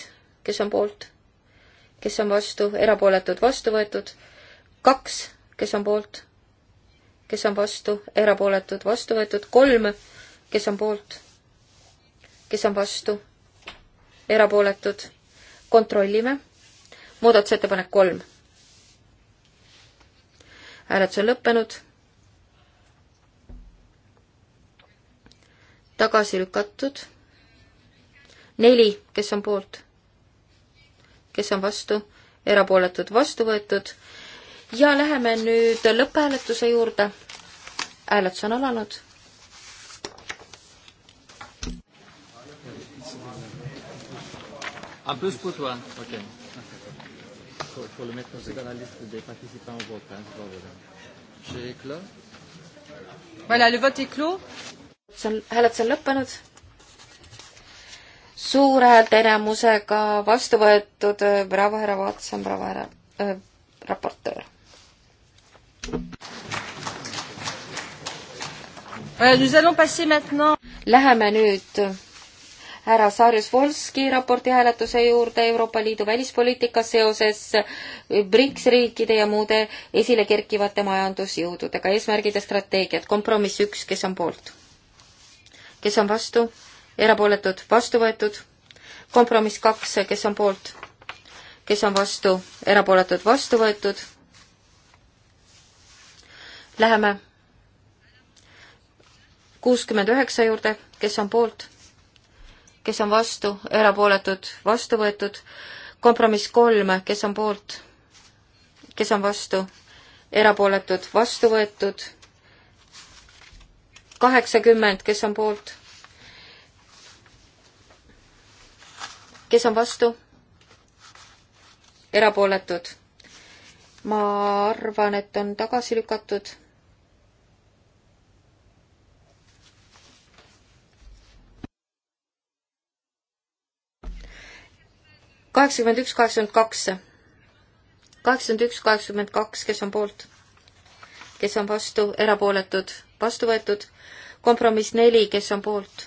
kes on poolt, kes on vastu, erapooletud, vastu võetud. kaks, kes on poolt, kes on vastu, erapooletud, vastu võetud. kolm, kes on poolt, kes on vastu, erapooletud. kontrollime. muudatusettepanek kolm. hääletus on lõppenud tagasi lükatud. neli, kes on poolt, kes on vastu, erapooletud, vastu võetud. ja läheme nüüd lõpphääletuse juurde. hääletus on alanud Un peu pour toi. Ok. Faut, faut le mettre aussi dans la liste des participants au vote. Hein. Voilà, le vote est clos see on, hääletus on lõppenud. suure häälteenamusega vastu võetud äh, Bravo härra Vaats on Bravo härra äh, raportöör. Läheme nüüd härra Sarjus-Volski raporti hääletuse juurde Euroopa Liidu välispoliitika seoses BRICS riikide ja muude esile kerkivate majandusjõududega, eesmärgid ja strateegiad. kompromiss üks, kes on poolt? kes on vastu, erapooletud, vastu võetud. kompromiss kaks, kes on poolt, kes on vastu, erapooletud, vastu võetud. Läheme kuuskümmend üheksa juurde, kes on poolt, kes on vastu, erapooletud, vastu võetud. kompromiss kolm, kes on poolt, kes on vastu, erapooletud, vastu võetud kaheksakümmend, kes on poolt? kes on vastu? erapooletud? ma arvan, et on tagasi lükatud. kaheksakümmend üks, kaheksakümmend kaks. kaheksakümmend üks, kaheksakümmend kaks, kes on poolt? kes on vastu, erapooletud? vastu võetud, kompromiss neli, kes on poolt,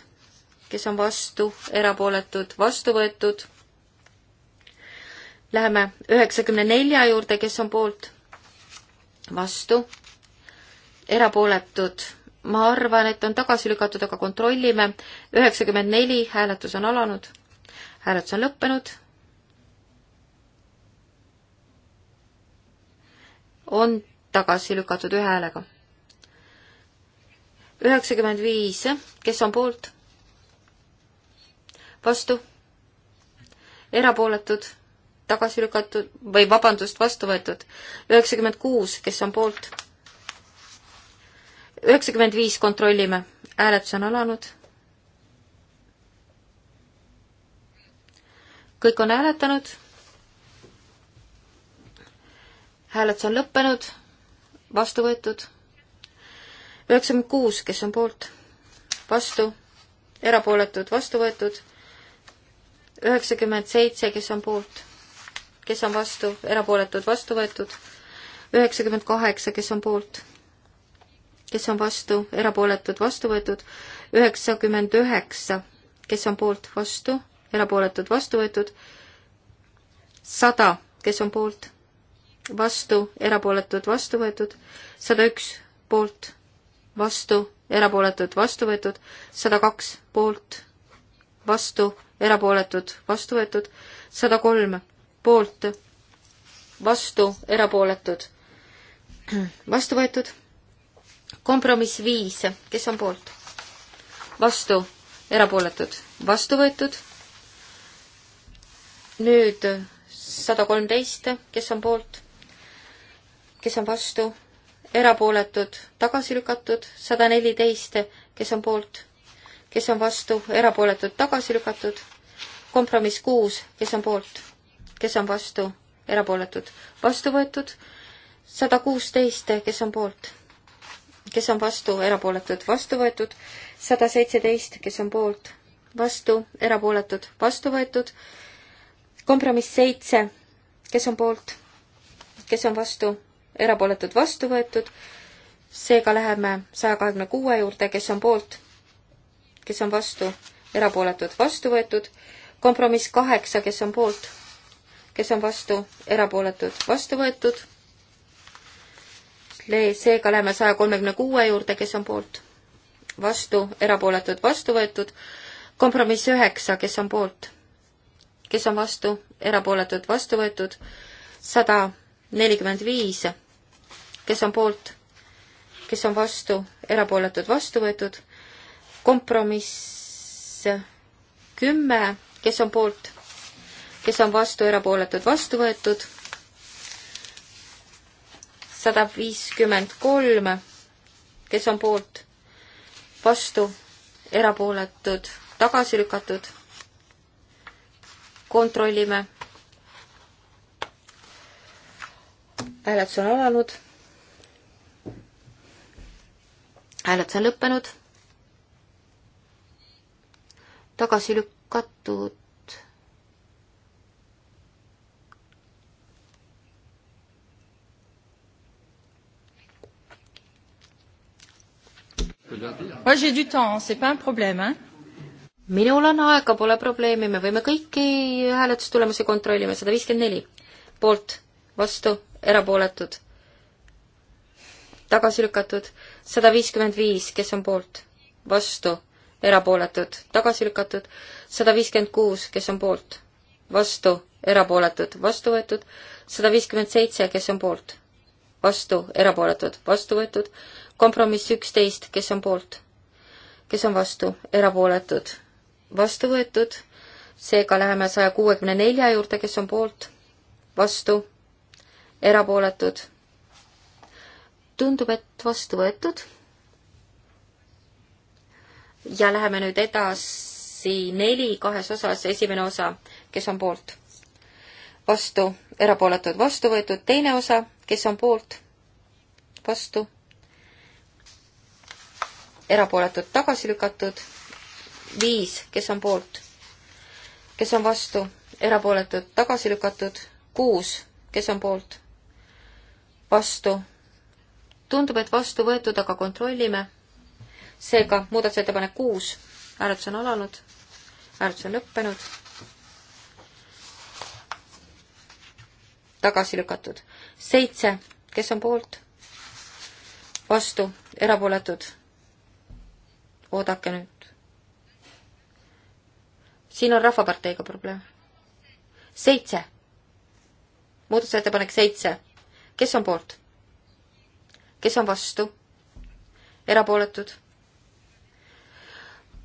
kes on vastu, erapooletud, vastu võetud. Läheme üheksakümne nelja juurde, kes on poolt, vastu, erapooletud, ma arvan, et on tagasi lükatud, aga kontrollime, üheksakümmend neli, hääletus on alanud, hääletus on lõppenud on tagasi lükatud ühe häälega üheksakümmend viis, kes on poolt? vastu? erapooletud? tagasi lükatud või vabandust, vastu võetud? üheksakümmend kuus, kes on poolt? üheksakümmend viis kontrollime, hääletus on alanud. kõik on hääletanud. hääletus on lõppenud, vastu võetud üheksakümmend kuus, kes on poolt, vastu, erapooletud, vastu võetud, üheksakümmend seitse, kes on poolt, kes on vastu, erapooletud, vastu võetud, üheksakümmend kaheksa, kes on poolt, kes on vastu, erapooletud, vastu võetud, üheksakümmend üheksa, kes on poolt, vastu, erapooletud, vastu võetud, sada, kes on poolt, vastu, erapooletud, vastu võetud, sada üks, poolt vastu, erapooletud, vastu võetud, sada kaks poolt, vastu, erapooletud, vastu võetud, sada kolm poolt, vastu, erapooletud, vastu võetud, kompromiss viis, kes on poolt? vastu, erapooletud, vastu võetud, nüüd sada kolmteist, kes on poolt, kes on vastu, erapooletud, tagasi lükatud, sada neliteist, kes on poolt, kes on vastu, erapooletud, tagasi lükatud, kompromiss kuus, kes on poolt, kes on vastu, erapooletud, vastu võetud, sada kuusteist, kes on poolt, kes on vastu, erapooletud, vastu võetud, sada seitseteist, kes on poolt, vastu, erapooletud, vastu võetud, kompromiss seitse, kes on poolt, kes on vastu, erapooletud vastu võetud, seega läheme saja kahekümne kuue juurde, kes on poolt, kes on vastu, erapooletud vastu võetud, kompromiss kaheksa, kes on poolt, kes on vastu, erapooletud vastu võetud, seega läheme saja kolmekümne kuue juurde, kes on poolt, vastu, erapooletud vastu võetud, kompromiss üheksa, kes on poolt, kes on vastu, erapooletud vastu võetud, sada nelikümmend viis kes on poolt, kes on vastu, erapooletud, vastu võetud. kompromiss kümme, kes on poolt, kes on vastu, erapooletud, vastu võetud. sada viiskümmend kolm, kes on poolt, vastu, erapooletud, tagasi lükatud. kontrollime hääletus on alanud hääletus on lõppenud. tagasi lükatud. Moi j'ai du temps, c'est pas un problème, hein? minul on aega, pole probleemi, me võime kõiki hääletustulemusi kontrollima, sada viiskümmend neli. poolt, vastu, erapooletud, tagasi lükatud sada viiskümmend viis, kes on poolt, vastu, erapooletud, tagasi lükatud, sada viiskümmend kuus, kes on poolt, vastu, erapooletud, vastu võetud, sada viiskümmend seitse, kes on poolt, vastu, erapooletud, vastu võetud, kompromiss üksteist, kes on poolt, kes on vastu, erapooletud, vastu võetud, seega läheme saja kuuekümne nelja juurde, kes on poolt, vastu, erapooletud tundub, et vastu võetud. ja läheme nüüd edasi neli kahes osas, esimene osa, kes on poolt? vastu, erapooletud, vastu võetud, teine osa, kes on poolt? vastu, erapooletud, tagasi lükatud, viis, kes on poolt? kes on vastu, erapooletud, tagasi lükatud, kuus, kes on poolt? vastu tundub, et vastu võetud, aga kontrollime. seega muudatusettepanek kuus, hääletus on alanud, hääletus on lõppenud. tagasi lükatud. seitse, kes on poolt? vastu, erapooletud. oodake nüüd. siin on Rahvaparteiga probleem. seitse, muudatusettepanek seitse, kes on poolt? kes on vastu? erapooletud?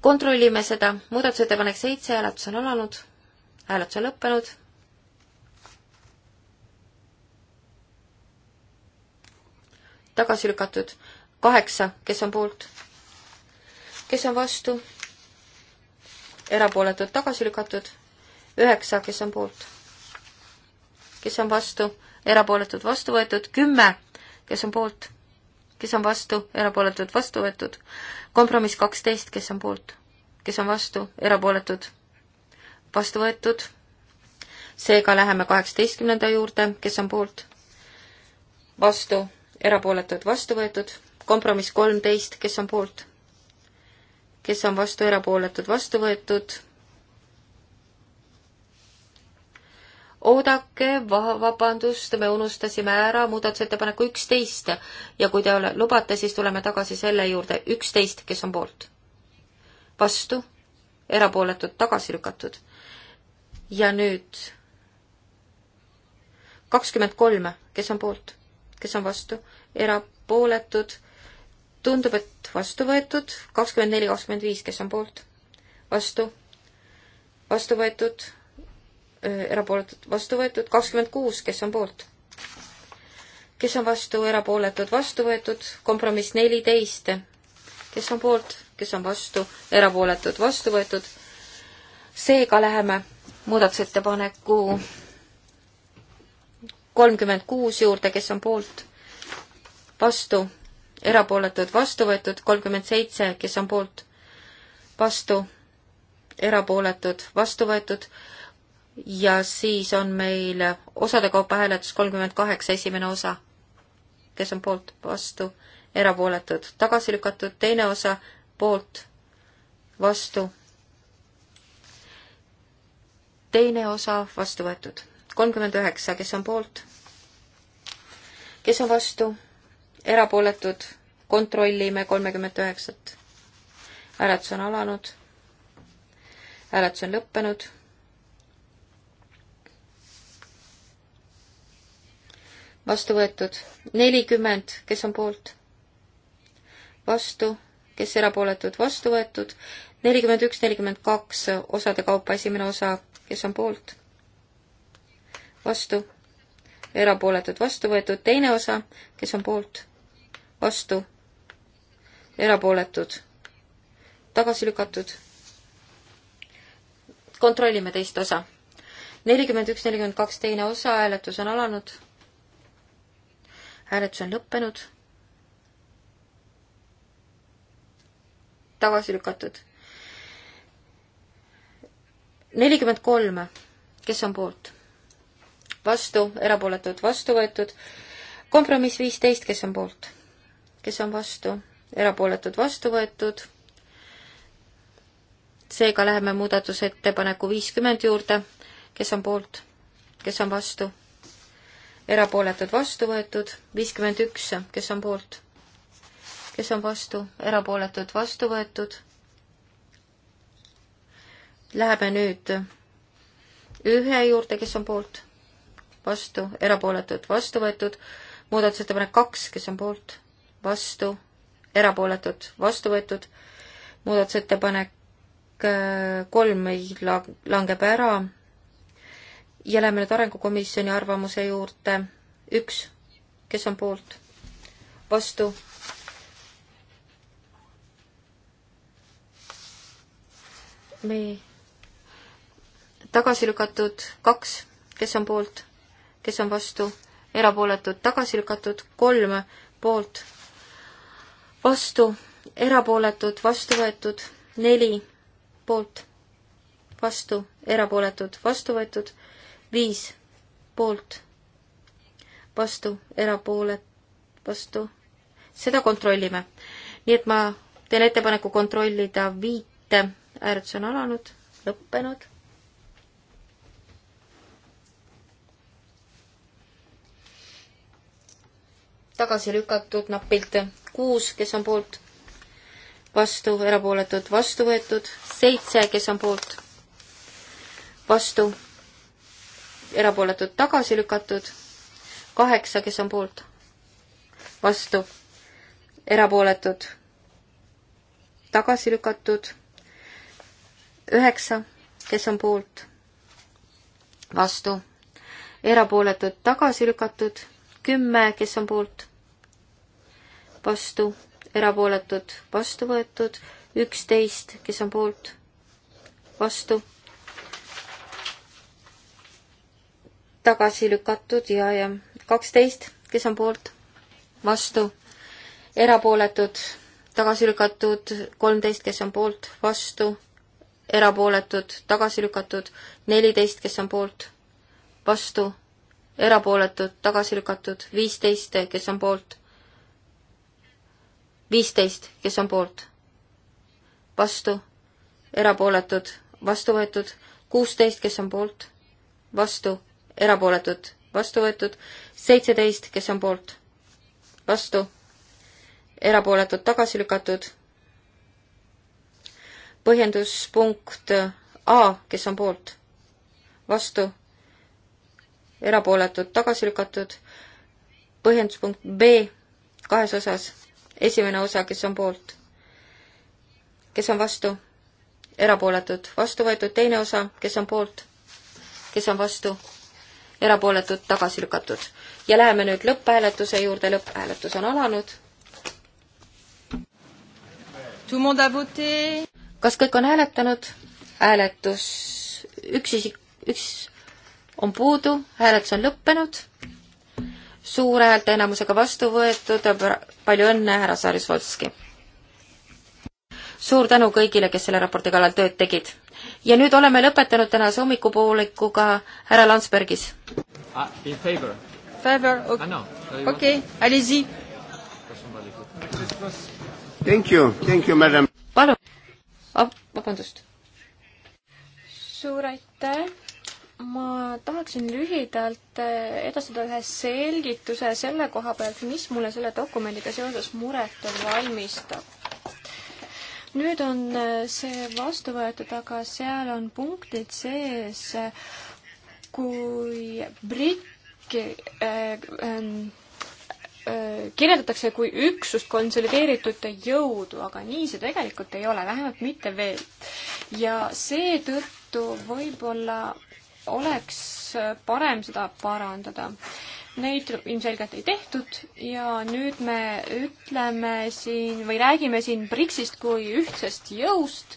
kontrollime seda, muudatusettepanek seitse, hääletus on alanud, hääletus on lõppenud. tagasi lükatud kaheksa, kes on poolt? kes on vastu? erapooletud tagasi lükatud üheksa, kes on poolt? kes on vastu? erapooletud vastu võetud kümme, kes on poolt? kes on vastu, erapooletud, vastu võetud. kompromiss kaksteist, kes on poolt, kes on vastu, erapooletud, vastu võetud. seega läheme kaheksateistkümnenda juurde, kes on poolt, vastu, erapooletud, vastu võetud. kompromiss kolmteist, kes on poolt, kes on vastu, erapooletud, vastu võetud oodake, vabandust, me unustasime ära muudatusettepaneku üksteist ja kui te ole, lubate, siis tuleme tagasi selle juurde. üksteist, kes on poolt? vastu? erapooletud, tagasi lükatud. ja nüüd kakskümmend kolm, kes on poolt? kes on vastu? erapooletud? tundub, et vastu võetud. kakskümmend neli, kakskümmend viis, kes on poolt? vastu? vastu võetud Äh, erapooletud, vastu võetud, kakskümmend kuus, kes on poolt? kes on vastu, erapooletud, vastu võetud, kompromiss neliteist, kes on poolt, kes on vastu, erapooletud, vastu võetud. seega läheme muudatusettepaneku kolmkümmend kuus juurde, kes on poolt, vastu, erapooletud, vastu võetud, kolmkümmend seitse, kes on poolt, vastu, erapooletud, vastu võetud ja siis on meil osade kaupa hääletus kolmkümmend kaheksa, esimene osa. kes on poolt, vastu, erapooletud, tagasi lükatud, teine osa poolt, vastu, teine osa vastu võetud. kolmkümmend üheksa, kes on poolt, kes on vastu, erapooletud, kontrollime kolmekümmet üheksat. hääletus on alanud, hääletus on lõppenud vastu võetud nelikümmend, kes on poolt, vastu, kes erapooletud, vastu võetud, nelikümmend üks, nelikümmend kaks osade kaupa, esimene osa, kes on poolt, vastu, erapooletud, vastu võetud, teine osa, kes on poolt, vastu, erapooletud, tagasi lükatud. kontrollime teist osa. nelikümmend üks, nelikümmend kaks, teine osa, hääletus on alanud hääletus on lõppenud. tagasi lükatud. nelikümmend kolm, kes on poolt? vastu, erapooletud, vastu võetud. kompromiss viisteist, kes on poolt? kes on vastu? erapooletud, vastu võetud. seega läheme muudatusettepaneku viiskümmend juurde, kes on poolt, kes on vastu erapooletud vastu võetud, viiskümmend üks, kes on poolt, kes on vastu, erapooletud vastu võetud. Läheme nüüd ühe juurde, kes on poolt, vastu, erapooletud vastu võetud, muudatusettepanek kaks, kes on poolt, vastu, erapooletud vastu võetud, muudatusettepanek äh, kolm langeb ära, ja lähme nüüd Arengukomisjoni arvamuse juurde. üks, kes on poolt? vastu? me tagasi lükatud kaks, kes on poolt, kes on vastu, erapooletud, tagasi lükatud kolm poolt, vastu, erapooletud, vastu võetud neli poolt, vastu, erapooletud, vastu võetud viis poolt, vastu, erapoole, vastu. seda kontrollime. nii et ma teen ettepaneku kontrollida viite, hääletus on alanud, lõppenud. tagasi lükatud napilt kuus, kes on poolt, vastu, erapooletud, vastu võetud, seitse, kes on poolt, vastu erapooletud tagasi lükatud, kaheksa, kes on poolt, vastu, erapooletud tagasi lükatud, üheksa, kes on poolt, vastu, erapooletud tagasi lükatud, kümme, kes on poolt, vastu, erapooletud vastu võetud, üksteist, kes on poolt, vastu tagasi lükatud ja, ja kaksteist, kes on poolt, vastu, erapooletud, tagasi lükatud, kolmteist, kes on poolt, vastu, erapooletud, tagasi lükatud, neliteist, kes on poolt, vastu, erapooletud, tagasi lükatud, viisteist, kes on poolt, viisteist, kes on poolt, vastu, erapooletud, vastu võetud, kuusteist, kes on poolt, vastu erapooletud, vastu võetud, seitseteist, kes on poolt, vastu, erapooletud, tagasi lükatud, põhjenduspunkt A, kes on poolt, vastu, erapooletud, tagasi lükatud, põhjenduspunkt B kahes osas, esimene osa, kes on poolt, kes on vastu, erapooletud, vastu võetud teine osa, kes on poolt, kes on vastu, erapooletud, tagasi lükatud. ja läheme nüüd lõpphääletuse juurde, lõpphääletus on alanud. kas kõik on hääletanud? hääletus, üks isik, üks on puudu, hääletus on lõppenud, suure häälteenamusega vastu võetud, palju õnne, härra Saarjus-Volski! suur tänu kõigile, kes selle raporti kallal tööd tegid! ja nüüd oleme lõpetanud tänase hommikupoolikuga härra Landsbergis. Ah, in favor? Favor, okei, ah, allez-y. Thank you, thank you, madam. palun oh,, vabandust. suur aitäh ma tahaksin lühidalt eh, edastada ühe selgituse selle koha pealt, mis mulle selle dokumendiga seoses muret valmistab nüüd on äh, see vastu võetud, aga seal on punktid sees, äh, kui BRIC äh, ähm, äh, kirjeldatakse kui üksust konsolideeritud jõudu, aga nii see tegelikult ei ole, vähemalt mitte veel. ja seetõttu võib-olla oleks äh, parem seda parandada äh, neid ilmselgelt ei tehtud ja nüüd me ütleme siin või räägime siin BRICS-ist kui ühtsest jõust,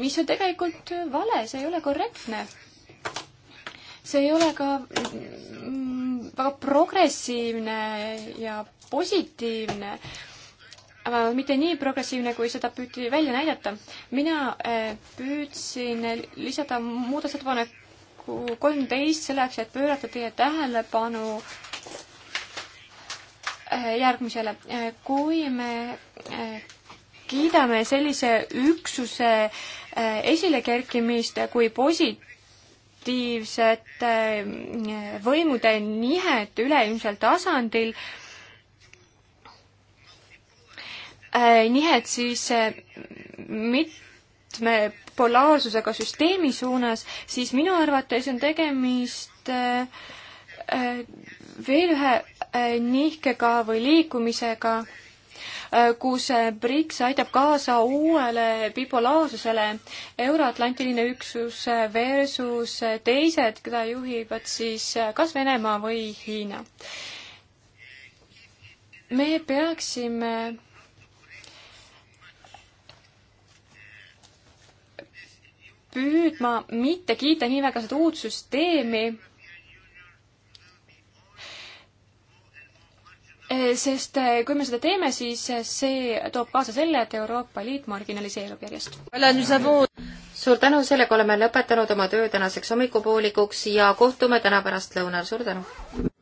mis on tegelikult vale, see ei ole korrektne. see ei ole ka mm, väga progressiivne ja positiivne, mitte nii progressiivne, kui seda püüti välja näidata. mina äh, püüdsin lisada muudatusettepaneku paragrahvu kolmteist selleks, et pöörata teie tähelepanu äh, järgmisele. Äh, kui me äh, kiidame sellise üksuse esilekerkimist kui positiivset võimude nihet üleilmsel tasandil, nihet siis mitte võtme polaarsusega süsteemi suunas, siis minu arvates on tegemist äh, äh, veel ühe äh, nihkega või liikumisega, kus BRICS aitab kaasa uuele bipolaarsusele, Euro-Atlantiline üksus versus teised, keda juhivad siis kas Venemaa või Hiina. me peaksime püüdma mitte kiita nii väga seda uut süsteemi, sest eh, kui me seda teeme, siis eh, see toob kaasa selle, et Euroopa Liit marginaliseerub järjest. suur tänu, sellega oleme lõpetanud oma töö tänaseks hommikupoolikuks ja kohtume täna pärastlõunal, suur tänu!